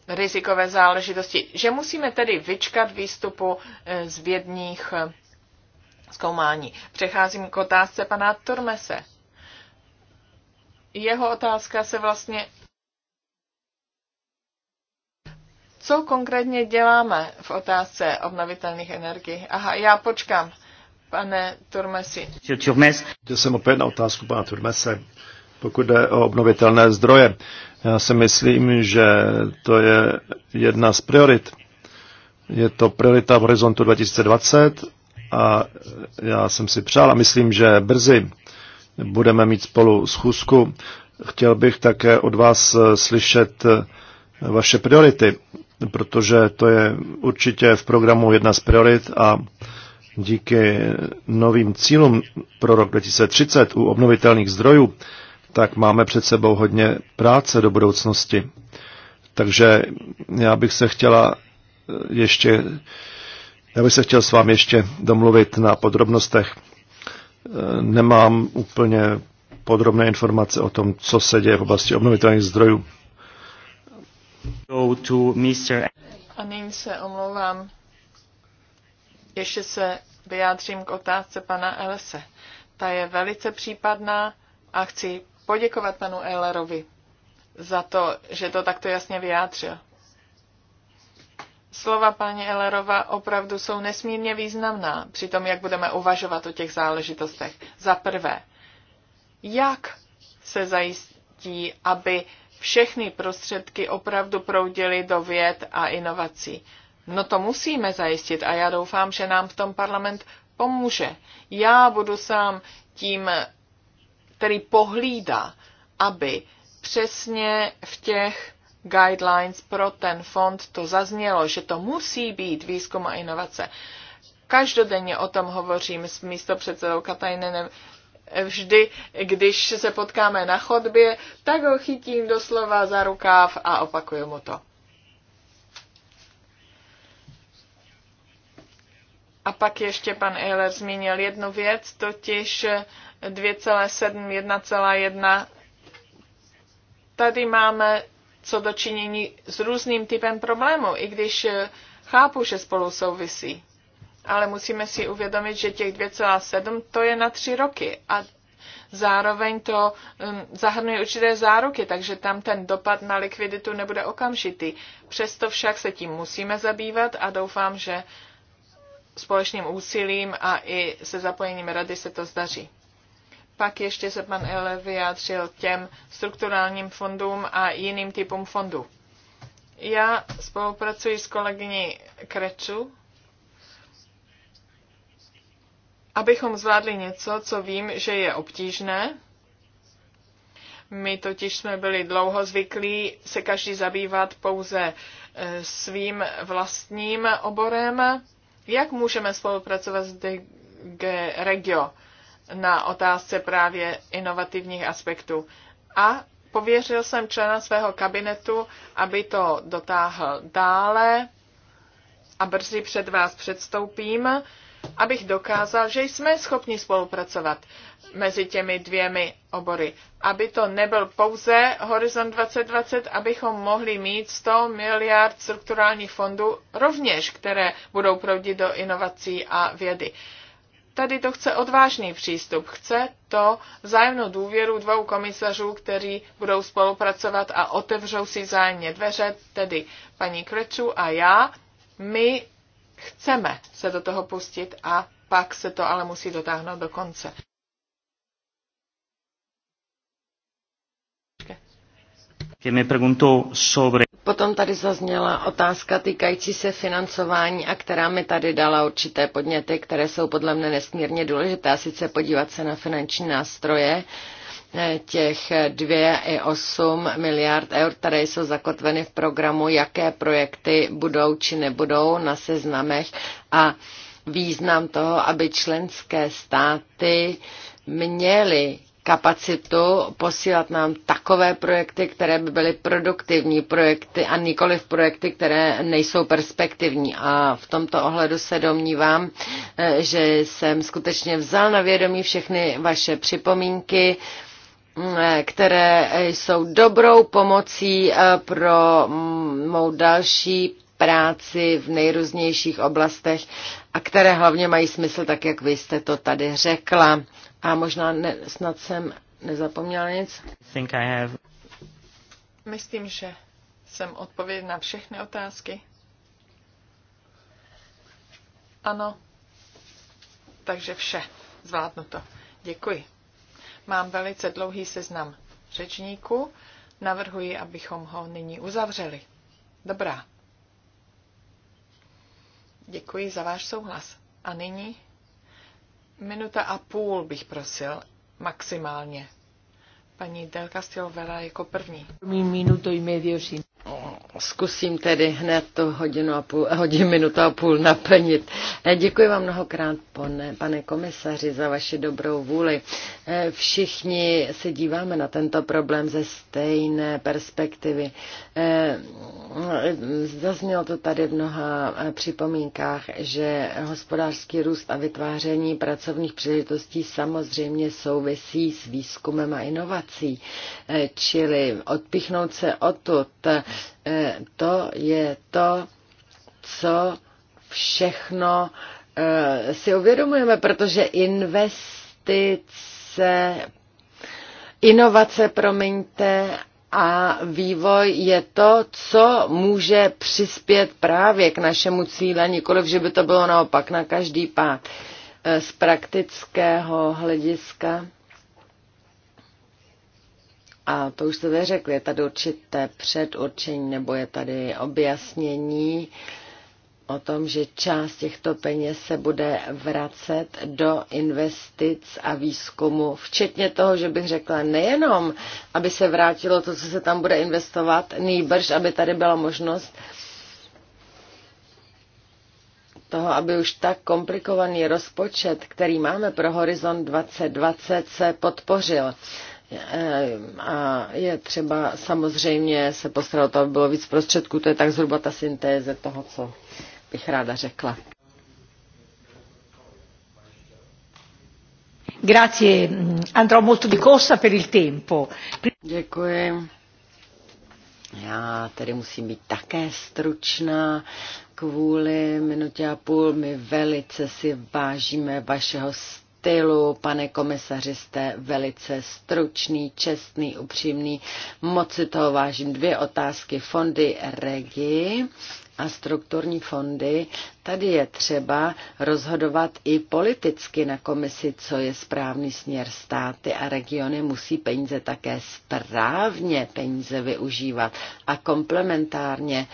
rizikové záležitosti, že musíme tedy vyčkat výstupu eh, z vědních eh, zkoumání. Přecházím k otázce pana Turmese. Jeho otázka se vlastně co konkrétně děláme v otázce obnovitelných energií? Aha, já počkám, pane Turmesi. Turmes. Chtěl jsem opět na otázku pana Turmese pokud jde o obnovitelné zdroje. Já si myslím, že to je jedna z priorit. Je to priorita v horizontu 2020 a já jsem si přál a myslím, že brzy budeme mít spolu schůzku. Chtěl bych také od vás slyšet vaše priority, protože to je určitě v programu jedna z priorit a díky novým cílům pro rok 2030 u obnovitelných zdrojů tak máme před sebou hodně práce do budoucnosti. Takže já bych se chtěla eh, ještě, já bych se chtěl s vámi ještě domluvit na podrobnostech. Eh, nemám úplně podrobné informace o tom, co se děje v oblasti obnovitelných zdrojů. A nyní se omlouvám. Ještě se vyjádřím k otázce pana Elese. Ta je velice případná a chci poděkovat panu Eilerovi za to, že to takto jasně vyjádřil. Slova paní Ellerova opravdu jsou nesmírně významná při tom, jak budeme uvažovat o těch záležitostech. Za prvé, jak se zajistí, aby všechny prostředky opravdu proudily do věd a inovací. No to musíme zajistit a já doufám, že nám v tom parlament pomůže. Já budu sám tím který pohlídá, aby přesně v těch guidelines pro ten fond to zaznělo, že to musí být výzkum a inovace. Každodenně o tom hovořím s místopředsedou Katajnenem. Vždy, když se potkáme na chodbě, tak ho chytím doslova za rukáv a opakuju mu to. A pak ještě pan Euler zmínil jednu věc, totiž 2,7, 1,1. Tady máme co dočinění s různým typem problému, i když chápu, že spolu souvisí. Ale musíme si uvědomit, že těch 2,7 to je na tři roky a zároveň to mm, zahrnuje určité záruky, takže tam ten dopad na likviditu nebude okamžitý. Přesto však se tím musíme zabývat a doufám, že společným úsilím a i se zapojením rady se to zdaří. Pak ještě se pan Ele vyjádřil těm strukturálním fondům a jiným typům fondů. Já spolupracuji s kolegyní Kreču, abychom zvládli něco, co vím, že je obtížné. My totiž jsme byli dlouho zvyklí se každý zabývat pouze eh, svým vlastním oborem jak můžeme spolupracovat s DG Regio na otázce právě inovativních aspektů? A pověřil jsem člena svého kabinetu, aby to dotáhl dále a brzy před vás předstoupím abych dokázal, že jsme schopni spolupracovat mezi těmi dvěmi obory. Aby to nebyl pouze Horizon 2020, abychom mohli mít 100 miliard strukturálních fondů rovněž, které budou proudit do inovací a vědy. Tady to chce odvážný přístup. Chce to vzájemnou důvěru dvou komisařů, kteří budou spolupracovat a otevřou si vzájemně dveře, tedy paní Kreču a já. My chceme se do toho pustit a pak se to ale musí dotáhnout do konce. Potom tady zazněla otázka týkající se financování a která mi tady dala určité podněty, které jsou podle mne nesmírně důležité, a sice podívat se na finanční nástroje, těch 2,8 miliard eur, které jsou zakotveny v programu, jaké projekty budou či nebudou na seznamech a význam toho, aby členské státy měly kapacitu posílat nám takové projekty, které by byly produktivní projekty a nikoli v projekty, které nejsou perspektivní. A v tomto ohledu se domnívám, eh, že jsem skutečně vzal na vědomí všechny vaše připomínky Eh, které jsou dobrou pomocí eh, pro mm, mou další práci v nejrůznějších oblastech a které hlavně mají smysl, tak jak vy jste to tady řekla. A možná ne, snad jsem nezapomněla nic. Think I have. Myslím, že jsem odpověd na všechny otázky. Ano, takže vše, zvládnu to. Děkuji. Mám velice dlouhý seznam řečníků. Navrhuji, abychom ho nyní uzavřeli. Dobrá. Děkuji za váš souhlas. A nyní minuta a půl bych prosil maximálně. Paní Del Castillo jako první. Minuto i medio Zkusím tedy hned to hodinu a půl, eh, hodinu, minutu a půl naplnit. Eh, děkuji vám mnohokrát, pane, pane komisaři, za vaši dobrou vůli. Eh, všichni se díváme na tento problém ze stejné perspektivy. Zaznělo to tady v mnoha připomínkách, že hospodářský růst a vytváření pracovních příležitostí samozřejmě souvisí s výzkumem a inovací, čili odpichnout se odtud Eh, to je to, co všechno eh, si uvědomujeme, protože investice, inovace, promiňte, a vývoj je to, co může přispět právě k našemu cíle, nikoliv, že by to bylo naopak na každý pád. Eh, z praktického hlediska a to už jste neřekli, je tady určité předurčení nebo je tady objasnění o tom, že část těchto peněz se bude vracet do investic a výzkumu, včetně toho, že bych řekla nejenom, aby se vrátilo to, co se tam bude investovat, nejbrž, aby tady byla možnost toho, aby už tak komplikovaný rozpočet, který máme pro Horizon 2020, se podpořil. Eh, a je třeba samozřejmě se postarat o to, aby bylo víc prostředků. To je tak zhruba ta syntéze toho, co bych ráda řekla. Grazie, andrò molto di corsa per il tempo. Děkuji. Já tedy musím být také stručná kvůli minutě a půl. My velice si vážíme vašeho stylu. Pane komisaři, jste velice stručný, čestný, upřímný. Moc si toho vážím. Dvě otázky. Fondy Regi a strukturní fondy, tady je třeba rozhodovat i politicky na komisi, co je správný směr státy a regiony musí peníze také správně peníze využívat a komplementárně,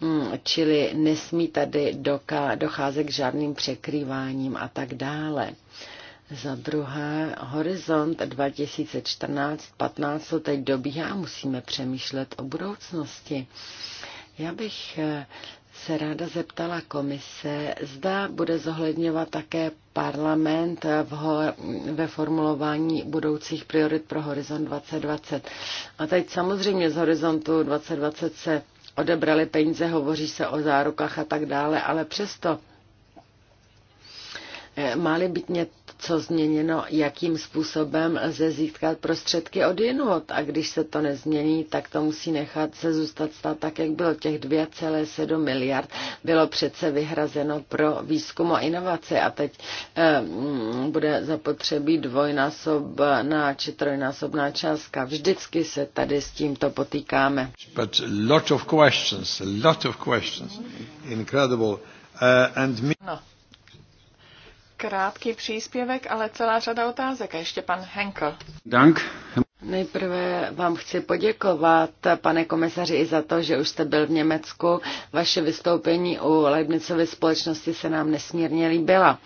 hmm, čili nesmí tady docházet k žádným překrýváním a tak dále. Za druhé, horizont 2014-15 co teď dobíhá, musíme přemýšlet o budoucnosti. Já bych eh, se ráda zeptala komise, zda bude zohledňovat také parlament ve formulování budoucích priorit pro Horizont 2020. A teď samozřejmě z Horizontu 2020 se odebrali peníze, hovoří se o zárukách a tak dále, ale přesto eh, má-li být co změněno, jakým způsobem lze získat prostředky od jinot. A když se to nezmění, tak to musí nechat se zůstat stát tak, jak bylo. Těch 2,7 miliard bylo přece vyhrazeno pro výzkum a inovace a teď eh, mm, bude zapotřebí dvojnásobná či trojnásobná částka. Vždycky se tady s tímto potýkáme. But lot of questions, lot of questions. Incredible. Uh, and me... no krátký příspěvek, ale celá řada otázek. A ještě pan Henkel. Dank. Nejprve vám chci poděkovat, pane komisaři, i za to, že už jste byl v Německu. Vaše vystoupení u Leibnicovy společnosti se nám nesmírně líbila.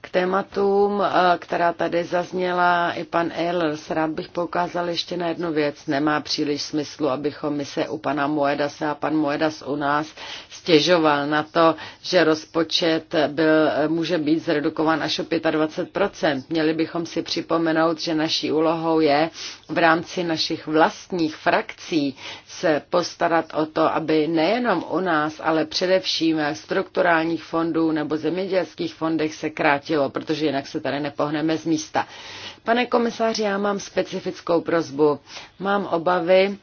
K tématům, eh, která tady zazněla i pan Ehlers, rád bych poukázal ještě na jednu věc. Nemá příliš smyslu, abychom my se u pana Moedase a pan Moedas u nás stěžoval na to, že rozpočet byl, eh, může být zredukován až o 25%. Měli bychom si připomenout, že naší úlohou je v rámci našich vlastních frakcí se postarat o to, aby nejenom u nás, ale především strukturálních fondů nebo zemědělských fondech se krátí platilo, protože jinak se tady nepohneme z místa. Pane komisáři, já mám specifickou prozbu. Mám obavy,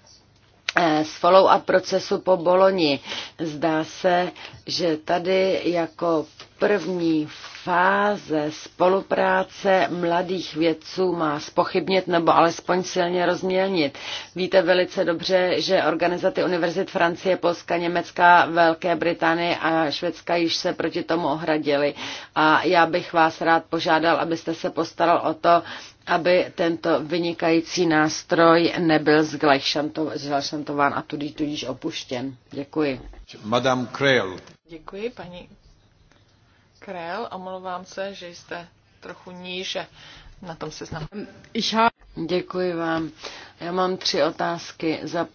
eh, z follow-up procesu po Boloni. Zdá se, že tady jako první fáze spolupráce mladých vědců má spochybnit nebo alespoň silně rozmělnit. Víte velice dobře, že organizaty univerzit Francie, Polska, Německa, Velké Británie a Švédska již se proti tomu ohradili. A já bych vás rád požádal, abyste se postaral o to, aby tento vynikající nástroj nebyl zglašantován a tudíž, tudíž opuštěn. Děkuji. Madame Krell. Děkuji, paní Krell, omlouvám se, že jste trochu níže na tom seznamu. Um, Děkuji vám. Já mám tři otázky. Za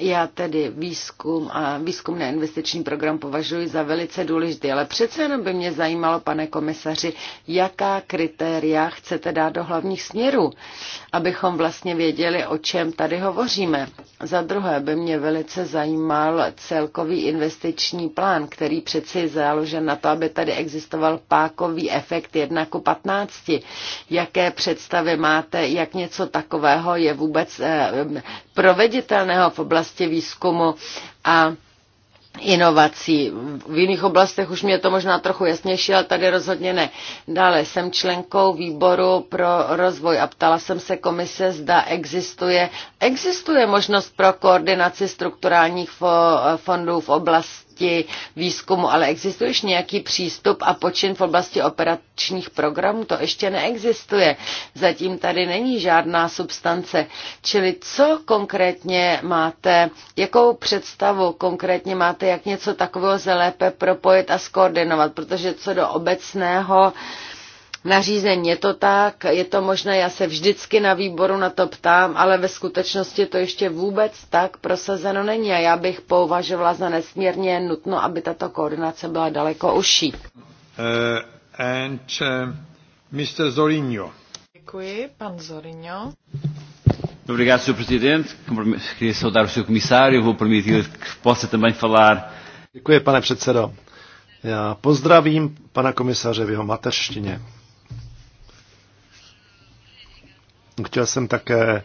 já tedy výzkum a výzkumné investiční program považuji za velice důležitý, ale přece jenom by mě zajímalo, pane komisaři, jaká kritéria chcete dát do hlavních směrů, abychom vlastně věděli, o čem tady hovoříme. Za druhé by mě velice zajímal celkový investiční plán, který přeci je založen na to, aby tady existoval pákový efekt 1 ku 15. Jaké představy máte, jak něco takového je vůbec eh, proveditelného v oblasti výzkumu a inovací. V jiných oblastech už mě to možná trochu jasnější, ale tady rozhodně ne. Dále jsem členkou výboru pro rozvoj a ptala jsem se komise, zda existuje, existuje možnost pro koordinaci strukturálních fondů v oblasti oblasti výzkumu, ale existuje už nějaký přístup a počin v oblasti operačních programů? To ještě neexistuje. Zatím tady není žádná substance. Čili co konkrétně máte, jakou představu konkrétně máte, jak něco takového se lépe propojit a skoordinovat? Protože co do obecného, nařízení. Je to tak, je to možné, já se vždycky na výboru na to ptám, ale ve skutečnosti to ještě vůbec tak prosazeno není a já bych považovala za nesmírně nutno, aby tato koordinace byla daleko užší. Uh, and, uh, eh, Mr. Zorinho. Děkuji, pan Zorinho. Obrigado, Sr. Presidente. Queria saudar o Sr. Comissário. Vou permitir que possa também falar. Děkuji, pane předsedo. Já pozdravím pana komisaře v jeho mateřštině. Chtěl jsem také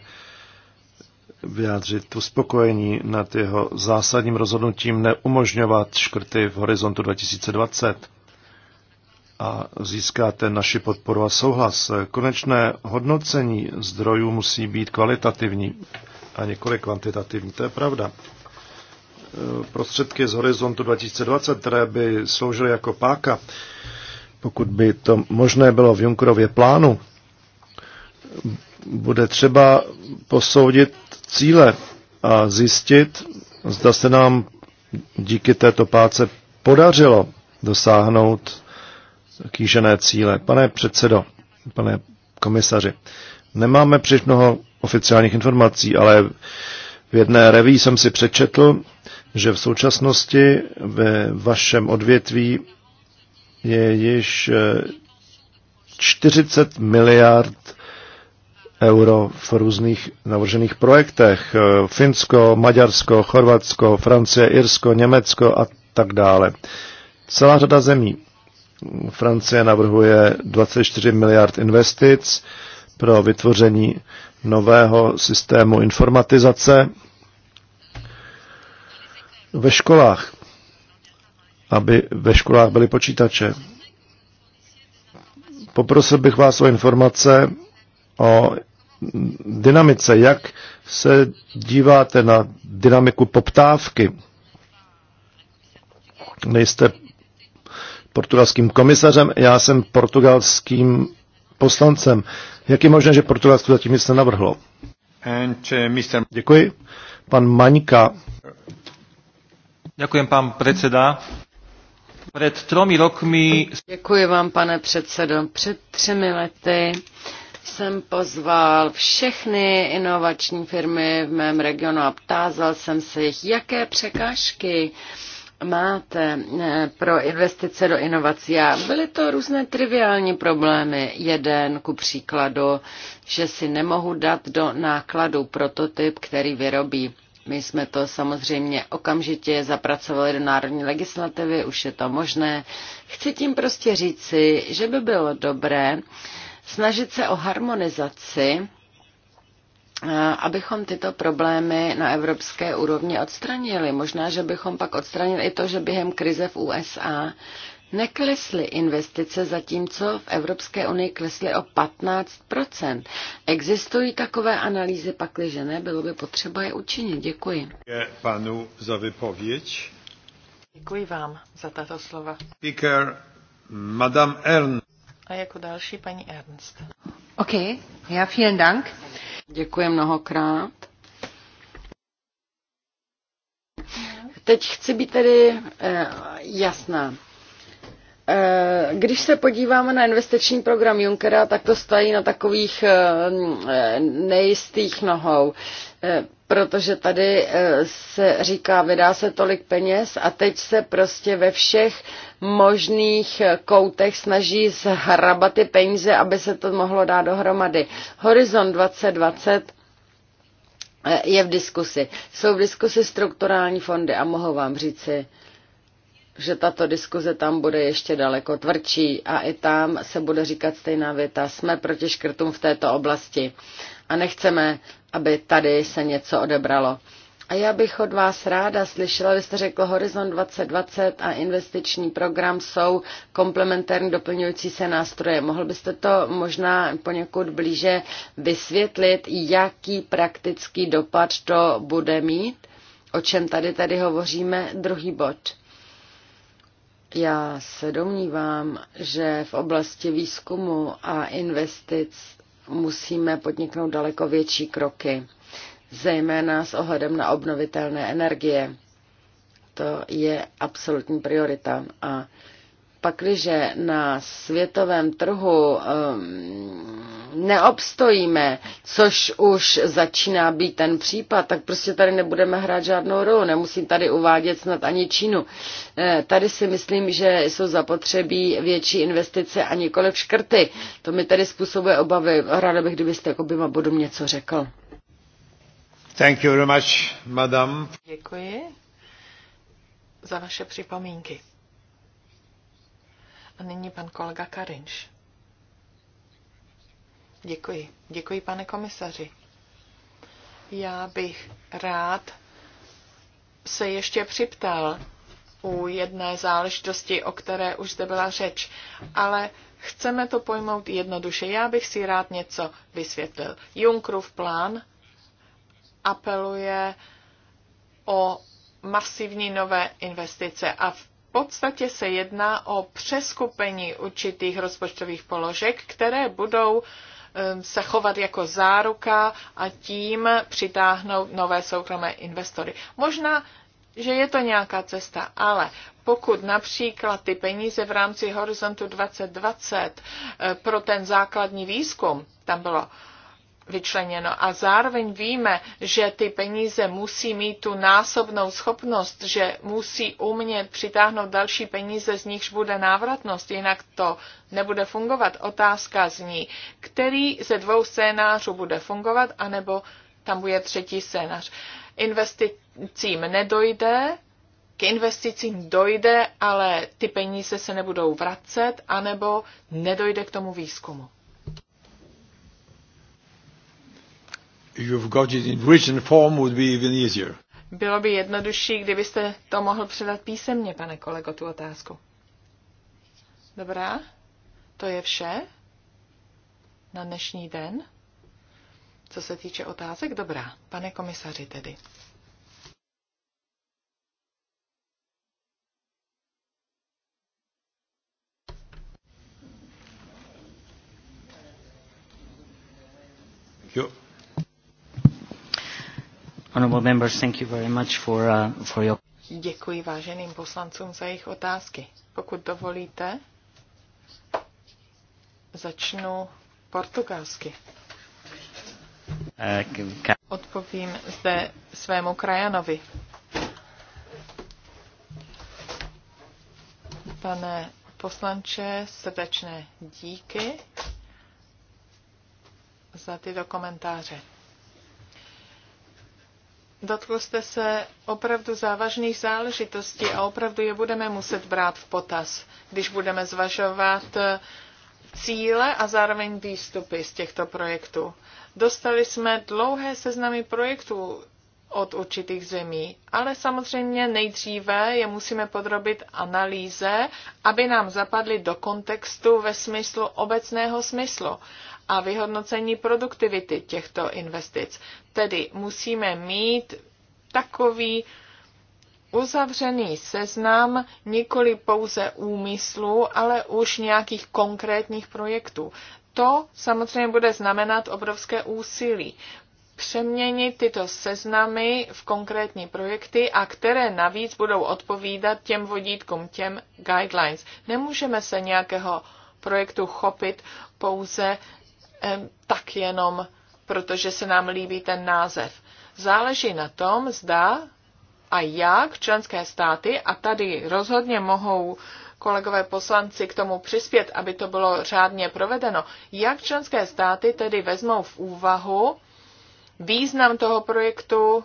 vyjádřit uspokojení nad jeho zásadním rozhodnutím neumožňovat škrty v horizontu 2020 a získáte naši podporu a souhlas. Konečné hodnocení zdrojů musí být kvalitativní a několik kvantitativní. To je pravda. Prostředky z horizontu 2020, které by sloužily jako páka, pokud by to možné bylo v Junkerově plánu, bude třeba posoudit cíle a zjistit, zda se nám díky této páce podařilo dosáhnout kýžené cíle. Pane předsedo, pane komisaři, nemáme příliš mnoho oficiálních informací, ale v jedné reví jsem si přečetl, že v současnosti ve vašem odvětví je již 40 eh, miliard euro v různých navržených projektech. E, Finsko, Maďarsko, Chorvatsko, Francie, Irsko, Německo a tak dále. Celá řada zemí. Francie navrhuje 24 miliard investic pro vytvoření nového systému informatizace ve školách, aby ve školách byly počítače. Poprosil bych vás o informace, o dynamice. Jak se díváte na dynamiku poptávky? Nejste portugalským komisařem, já jsem portugalským poslancem. Jak je možné, že Portugalsko zatím nic nenavrhlo? And, uh, Mr. Děkuji. Pan Maňka. Děkuji, pan předseda. Před tromi rokmi... Děkuji vám, pane předsedo. Před třemi lety jsem pozval všechny inovační firmy v mém regionu a ptázal jsem se jich, jaké překážky máte eh, pro investice do inovací. A byly to různé triviální problémy. Jeden, ku příkladu, že si nemohu dát do nákladu prototyp, který vyrobí. My jsme to samozřejmě okamžitě zapracovali do národní legislativy, už je to možné. Chci tím prostě říci, že by bylo dobré, snažit se o harmonizaci, eh, abychom tyto problémy na evropské úrovni odstranili. Možná, že bychom pak odstranili i to, že během krize v USA Neklesly investice, zatímco v Evropské unii klesly o 15 Existují takové analýzy, pakliže ne, bylo by potřeba je učinit. Děkuji. Děkuji panu za vypověď. Děkuji vám za tato slova. Speaker, Madame Ern. A jako další paní Ernst. OK, já vielen Dank. Děkuji mnohokrát. Teď chci být tedy eh, jasná. Eh, když se podíváme na investiční program Junckera, tak to stojí na takových eh, nejistých nohou, eh, protože tady se říká, vydá se tolik peněz a teď se prostě ve všech možných koutech snaží zhrabat ty peníze, aby se to mohlo dát dohromady. Horizont 2020 je v diskusi. Jsou v diskusi strukturální fondy a mohu vám říci, že tato diskuze tam bude ještě daleko tvrdší a i tam se bude říkat stejná věta. Jsme proti škrtům v této oblasti a nechceme, aby tady se něco odebralo. A já bych od vás ráda slyšela, vy jste řekl, Horizon 2020 a investiční program jsou komplementární doplňující se nástroje. Mohl byste to možná poněkud blíže vysvětlit, jaký praktický dopad to bude mít? O čem tady tady hovoříme? Druhý bod já se domnívám, že v oblasti výzkumu a investic musíme podniknout daleko větší kroky, zejména s ohledem na obnovitelné energie. To je absolutní priorita a pakliže na světovém trhu um, neobstojíme, což už začíná být ten případ, tak prostě tady nebudeme hrát žádnou rolu. Nemusím tady uvádět snad ani Čínu. Eh, tady si myslím, že jsou zapotřebí větší investice a nikoliv škrty. To mi tady způsobuje obavy. Ráda bych, kdybyste k jako oběma bodům něco řekl. Thank you very much, madam. Děkuji za vaše připomínky. A nyní pan kolega Karinš. Děkuji. Děkuji, pane komisaři. Já bych rád se ještě připtal u jedné záležitosti, o které už zde byla řeč, ale chceme to pojmout jednoduše. Já bych si rád něco vysvětlil. Junkrův plán apeluje o masivní nové investice a v podstatě se jedná o přeskupení určitých rozpočtových položek, které budou um, se chovat jako záruka a tím přitáhnout nové soukromé investory. Možná, že je to nějaká cesta, ale pokud například ty peníze v rámci Horizontu 2020 eh, pro ten základní výzkum, tam bylo vyčleněno. A zároveň víme, že ty peníze musí mít tu násobnou schopnost, že musí umět přitáhnout další peníze, z nichž bude návratnost, jinak to nebude fungovat. Otázka zní, který ze dvou scénářů bude fungovat, anebo tam bude třetí scénář. Investicím nedojde, k investicím dojde, ale ty peníze se nebudou vracet, anebo nedojde k tomu výzkumu. you've got it in written form would be even easier. Bylo by jednodušší, kdybyste to mohl předat písemně, pane kolego, tu otázku. Dobrá, to je vše na dnešní den. Co se týče otázek, dobrá, pane komisaři tedy. Jo. Uh, Děkuji váženým poslancům za jejich otázky. Pokud dovolíte, začnu portugalsky. Eh, Odpovím zde svému krajanovi. Pane poslanče, srdečné díky za tyto komentáře. Dotkl jste se opravdu závažných záležitostí a opravdu je budeme muset brát v potaz, když budeme zvažovat eh, cíle a zároveň výstupy z těchto projektů. Dostali jsme dlouhé seznamy projektů, od určitých zemí. Ale samozřejmě nejdříve je musíme podrobit analýze, aby nám zapadly do kontextu ve smyslu obecného smyslu a vyhodnocení produktivity těchto investic. Tedy musíme mít takový uzavřený seznam nikoli pouze úmyslu, ale už nějakých konkrétních projektů. To samozřejmě bude znamenat obrovské úsilí přeměnit tyto seznamy v konkrétní projekty a které navíc budou odpovídat těm vodítkům, těm guidelines. Nemůžeme se nějakého projektu chopit pouze tak jenom, protože se nám líbí ten název. Záleží na tom, zda a jak členské státy, a tady rozhodně mohou kolegové poslanci k tomu přispět, aby to bylo řádně provedeno, jak členské státy tedy vezmou v úvahu význam toho projektu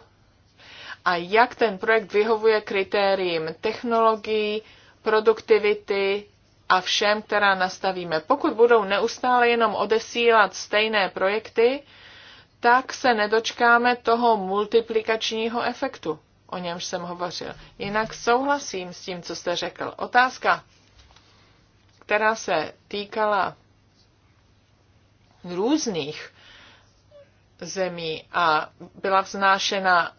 a jak ten projekt vyhovuje kritériím technologií, produktivity a všem, která nastavíme. Pokud budou neustále jenom odesílat stejné projekty, tak se nedočkáme toho multiplikačního efektu, o němž jsem hovořil. Jinak souhlasím s tím, co jste řekl. Otázka, která se týkala různých zemí a byla vznášena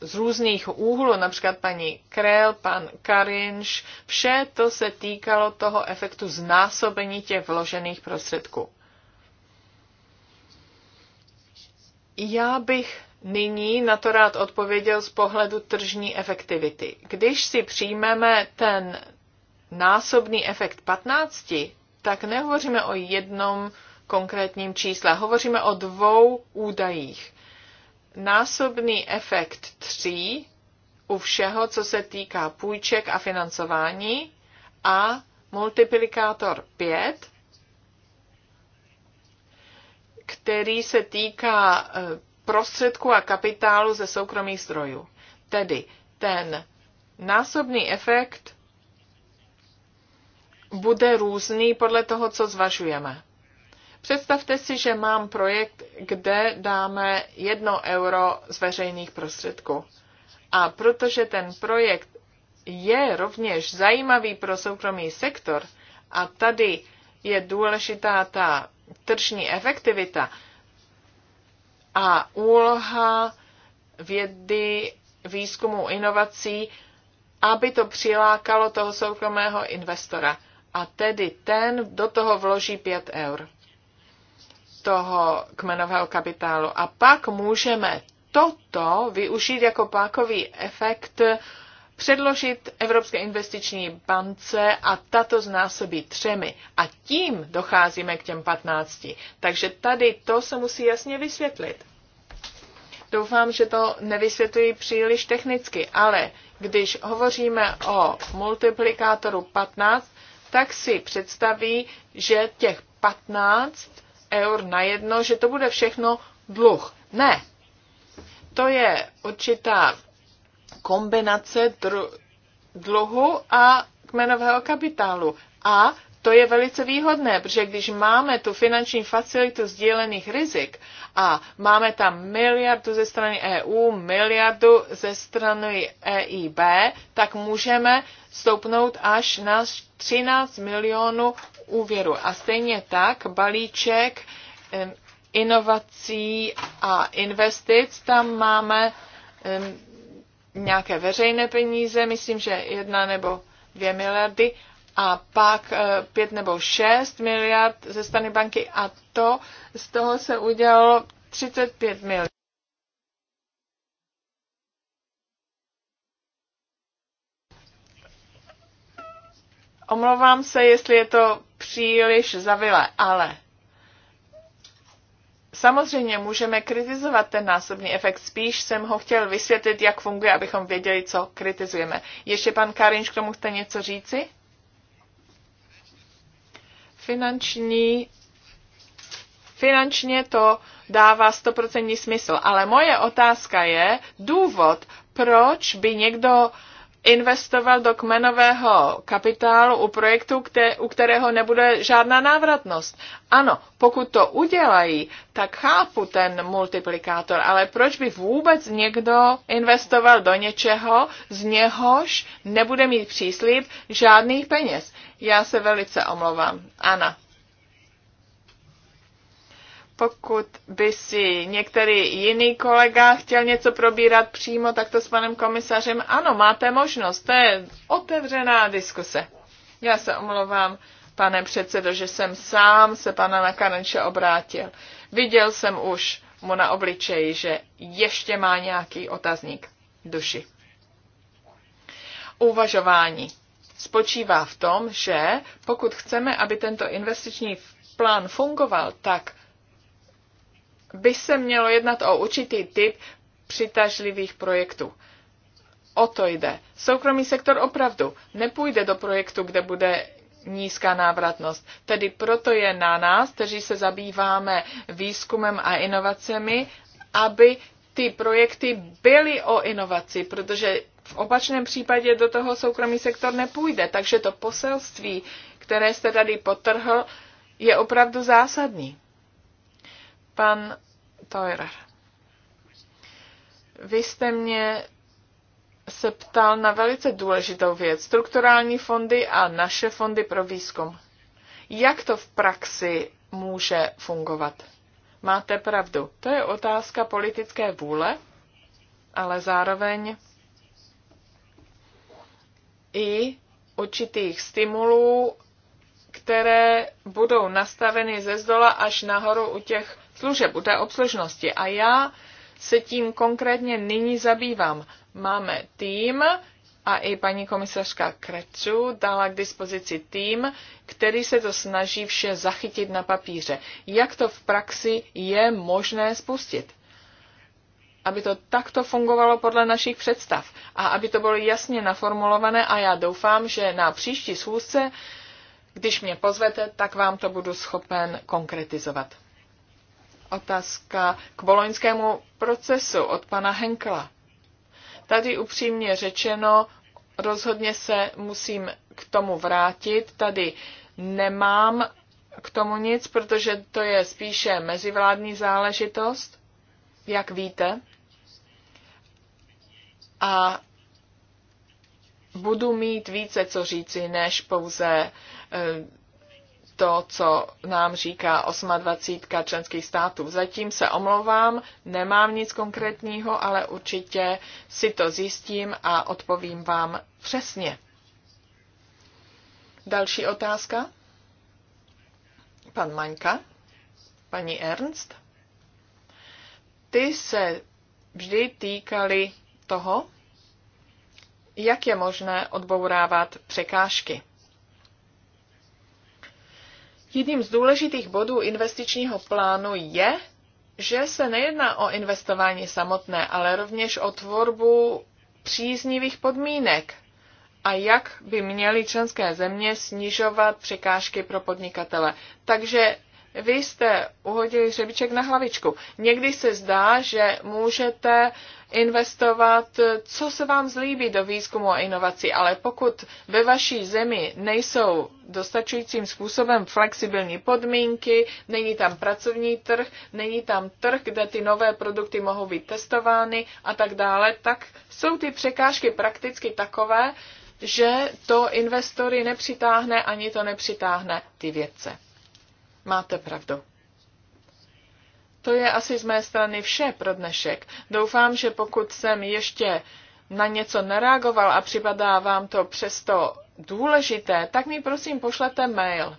z různých úhlů, například paní Krell, pan Karinš, vše to se týkalo toho efektu znásobení těch vložených prostředků. Já bych nyní na to rád odpověděl z pohledu tržní efektivity. Když si přijmeme ten násobný efekt 15, tak nehovoříme o jednom konkrétním čísle. Hovoříme o dvou údajích. Násobný efekt 3 u všeho, co se týká půjček a financování a multiplikátor 5, který se týká e, prostředku a kapitálu ze soukromých zdrojů. Tedy ten násobný efekt bude různý podle toho, co zvažujeme. Představte si, že mám projekt, kde dáme jedno euro z veřejných prostředků. A protože ten projekt je rovněž zajímavý pro soukromý sektor a tady je důležitá ta tržní efektivita a úloha vědy, výzkumu, inovací, aby to přilákalo toho soukromého investora. A tedy ten do toho vloží 5 eur toho kmenového kapitálu. A pak můžeme toto využít jako pákový efekt, předložit Evropské investiční bance a tato znásobí třemi. A tím docházíme k těm patnácti. Takže tady to se musí jasně vysvětlit. Doufám, že to nevysvětluji příliš technicky, ale když hovoříme o multiplikátoru 15, tak si představí, že těch 15 eur na jedno, že to bude všechno dluh. Ne. To je určitá kombinace dluhu a kmenového kapitálu. A to je velice výhodné, protože když máme tu finanční facilitu sdílených rizik a máme tam miliardu ze strany EU, miliardu ze strany EIB, tak můžeme stoupnout až na 13 milionů úvěru. A stejně tak balíček inovací a investic, tam máme nějaké veřejné peníze, myslím, že jedna nebo dvě miliardy, a pak eh, pět nebo šest miliard ze strany banky a to z toho se udělalo 35 miliard. Omlouvám se, jestli je to příliš zavile, ale Samozřejmě můžeme kritizovat ten násobný efekt, spíš jsem ho chtěl vysvětlit, jak funguje, abychom věděli, co kritizujeme. Ještě pan Karinč k tomu chce něco říci? Finanční, finančně to dává stoprocentní smysl, ale moje otázka je důvod, proč by někdo uh, investoval do kmenového kapitálu u projektu, kde, u kterého nebude žádná návratnost. Ano, pokud to udělají, tak chápu ten multiplikátor, ale proč by vůbec někdo investoval do něčeho, z něhož nebude mít příslip žádných peněz? Já se velice omlouvám. Ana pokud by si některý jiný kolega chtěl něco probírat přímo takto s panem komisařem, ano, máte možnost, to je otevřená diskuse. Já se omlouvám, pane předsedo, že jsem sám se pana Nakarenče obrátil. Viděl jsem už mu na obličeji, že ještě má nějaký otazník duši. Uvažování spočívá v tom, že pokud chceme, aby tento investiční plán fungoval, tak by se mělo jednat o určitý typ přitažlivých projektů. O to jde. Soukromý sektor opravdu nepůjde do projektu, kde bude nízká návratnost. Tedy proto je na nás, kteří se zabýváme výzkumem a inovacemi, aby ty projekty byly o inovaci, protože v opačném případě do toho soukromý sektor nepůjde. Takže to poselství, které jste tady potrhl, je opravdu zásadní. Pan Teurer, vy jste mě se ptal na velice důležitou věc. Strukturální fondy a naše fondy pro výzkum. Jak to v praxi může fungovat? Máte pravdu. To je otázka politické vůle, ale zároveň i určitých stimulů, které budou nastaveny ze zdola až nahoru u těch služeb, u té obslužnosti. A já se tím konkrétně nyní zabývám. Máme tým a i paní komisařka Krecu dala k dispozici tým, který se to snaží vše zachytit na papíře. Jak to v praxi je možné spustit? aby to takto fungovalo podle našich představ a aby to bylo jasně naformulované a já doufám, že na příští schůzce, když mě pozvete, tak vám to budu schopen konkretizovat otázka k boloňskému procesu od pana Henkla. Tady upřímně řečeno, rozhodně se musím k tomu vrátit. Tady nemám k tomu nic, protože to je spíše mezivládní záležitost, jak víte. A budu mít více co říci, než pouze eh, to, co nám říká 28 členských států. Zatím se omlouvám, nemám nic konkrétního, ale určitě si to zjistím a odpovím vám přesně. Další otázka? Pan Maňka? Paní Ernst? Ty se vždy týkali toho, jak je možné odbourávat překážky Jedním z důležitých bodů investičního plánu je, že se nejedná o investování samotné, ale rovněž o tvorbu příznivých podmínek a jak by měly členské země snižovat překážky pro podnikatele. Takže vy jste uhodili řebiček na hlavičku. Někdy se zdá, že můžete investovat, co se vám zlíbí do výzkumu a inovací, ale pokud ve vaší zemi nejsou dostačujícím způsobem flexibilní podmínky, není tam pracovní trh, není tam trh, kde ty nové produkty mohou být testovány a tak dále, tak jsou ty překážky prakticky takové, že to investory nepřitáhne ani to nepřitáhne ty vědce. Máte pravdu. To je asi z mé strany vše pro dnešek. Doufám, že pokud jsem ještě na něco nereagoval a připadá vám to přesto důležité, tak mi prosím pošlete mail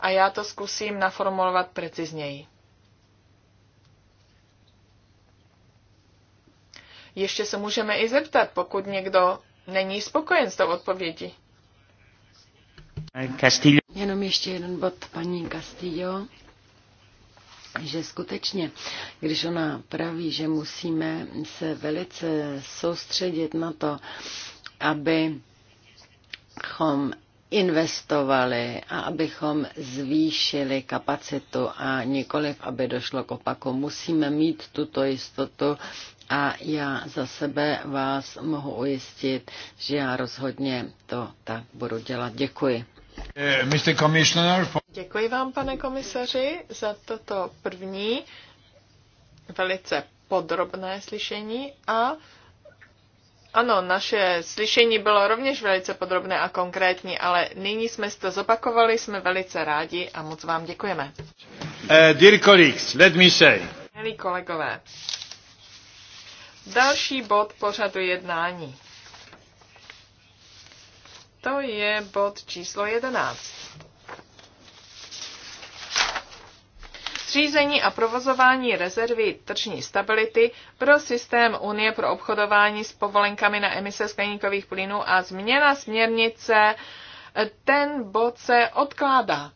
a já to zkusím naformulovat precizněji. Ještě se můžeme i zeptat, pokud někdo není spokojen s tou odpovědí. Castillo. Jenom ještě jeden bod paní Castillo, že skutečně, když ona praví, že musíme se velice soustředit na to, abychom investovali a abychom zvýšili kapacitu a nikoliv, aby došlo k opaku. Musíme mít tuto jistotu a já za sebe vás mohu ujistit, že já rozhodně to tak budu dělat. Děkuji. Eh, Děkuji vám, pane komisaři, za toto první velice podrobné slyšení a ano, naše slyšení bylo rovněž velice podrobné a konkrétní, ale nyní jsme si to zopakovali, jsme velice rádi a moc vám děkujeme. Uh, dear colleagues, let me say. Milí kolegové, další bod pořadu jednání. To je bod číslo 11. Zřízení a provozování rezervy tržní stability pro systém Unie pro obchodování s povolenkami na emise skleníkových plynů a změna směrnice, ten bod se odkládá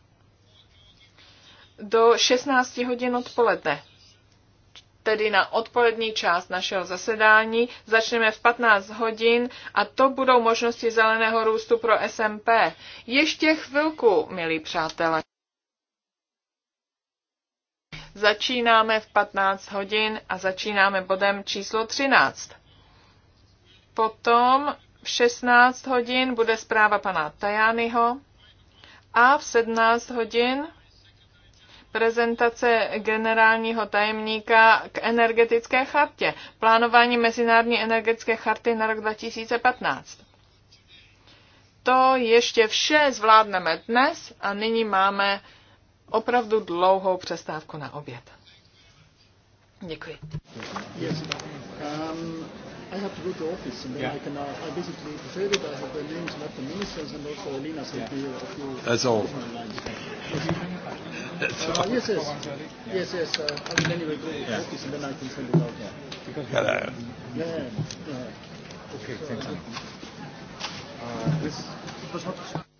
do 16 hodin odpoledne tedy na odpolední část našeho zasedání. Začneme v 15 hodin a to budou možnosti zeleného růstu pro SMP. Ještě chvilku, milí přátelé. Začínáme v 15 hodin a začínáme bodem číslo 13. Potom v 16 hodin bude zpráva pana Tajányho a v 17 hodin prezentace generálního tajemníka k energetické chartě, plánování Mezinárodní energetické charty na rok 2015. To ještě vše zvládneme dnes a nyní máme opravdu dlouhou přestávku na oběd. Děkuji. Děkuji. I have to go to office, and then yeah. I can. Uh, I basically decided I have the names of the ministers and also Alina's yeah. of your. Of your That's all. uh, Yes, yes, yes, yes. Uh, I will anyway go to yeah. office, and then I can send it out. Yeah. Because Hello. Yeah. yeah. yeah. Okay. So, thank you. Uh, this was not.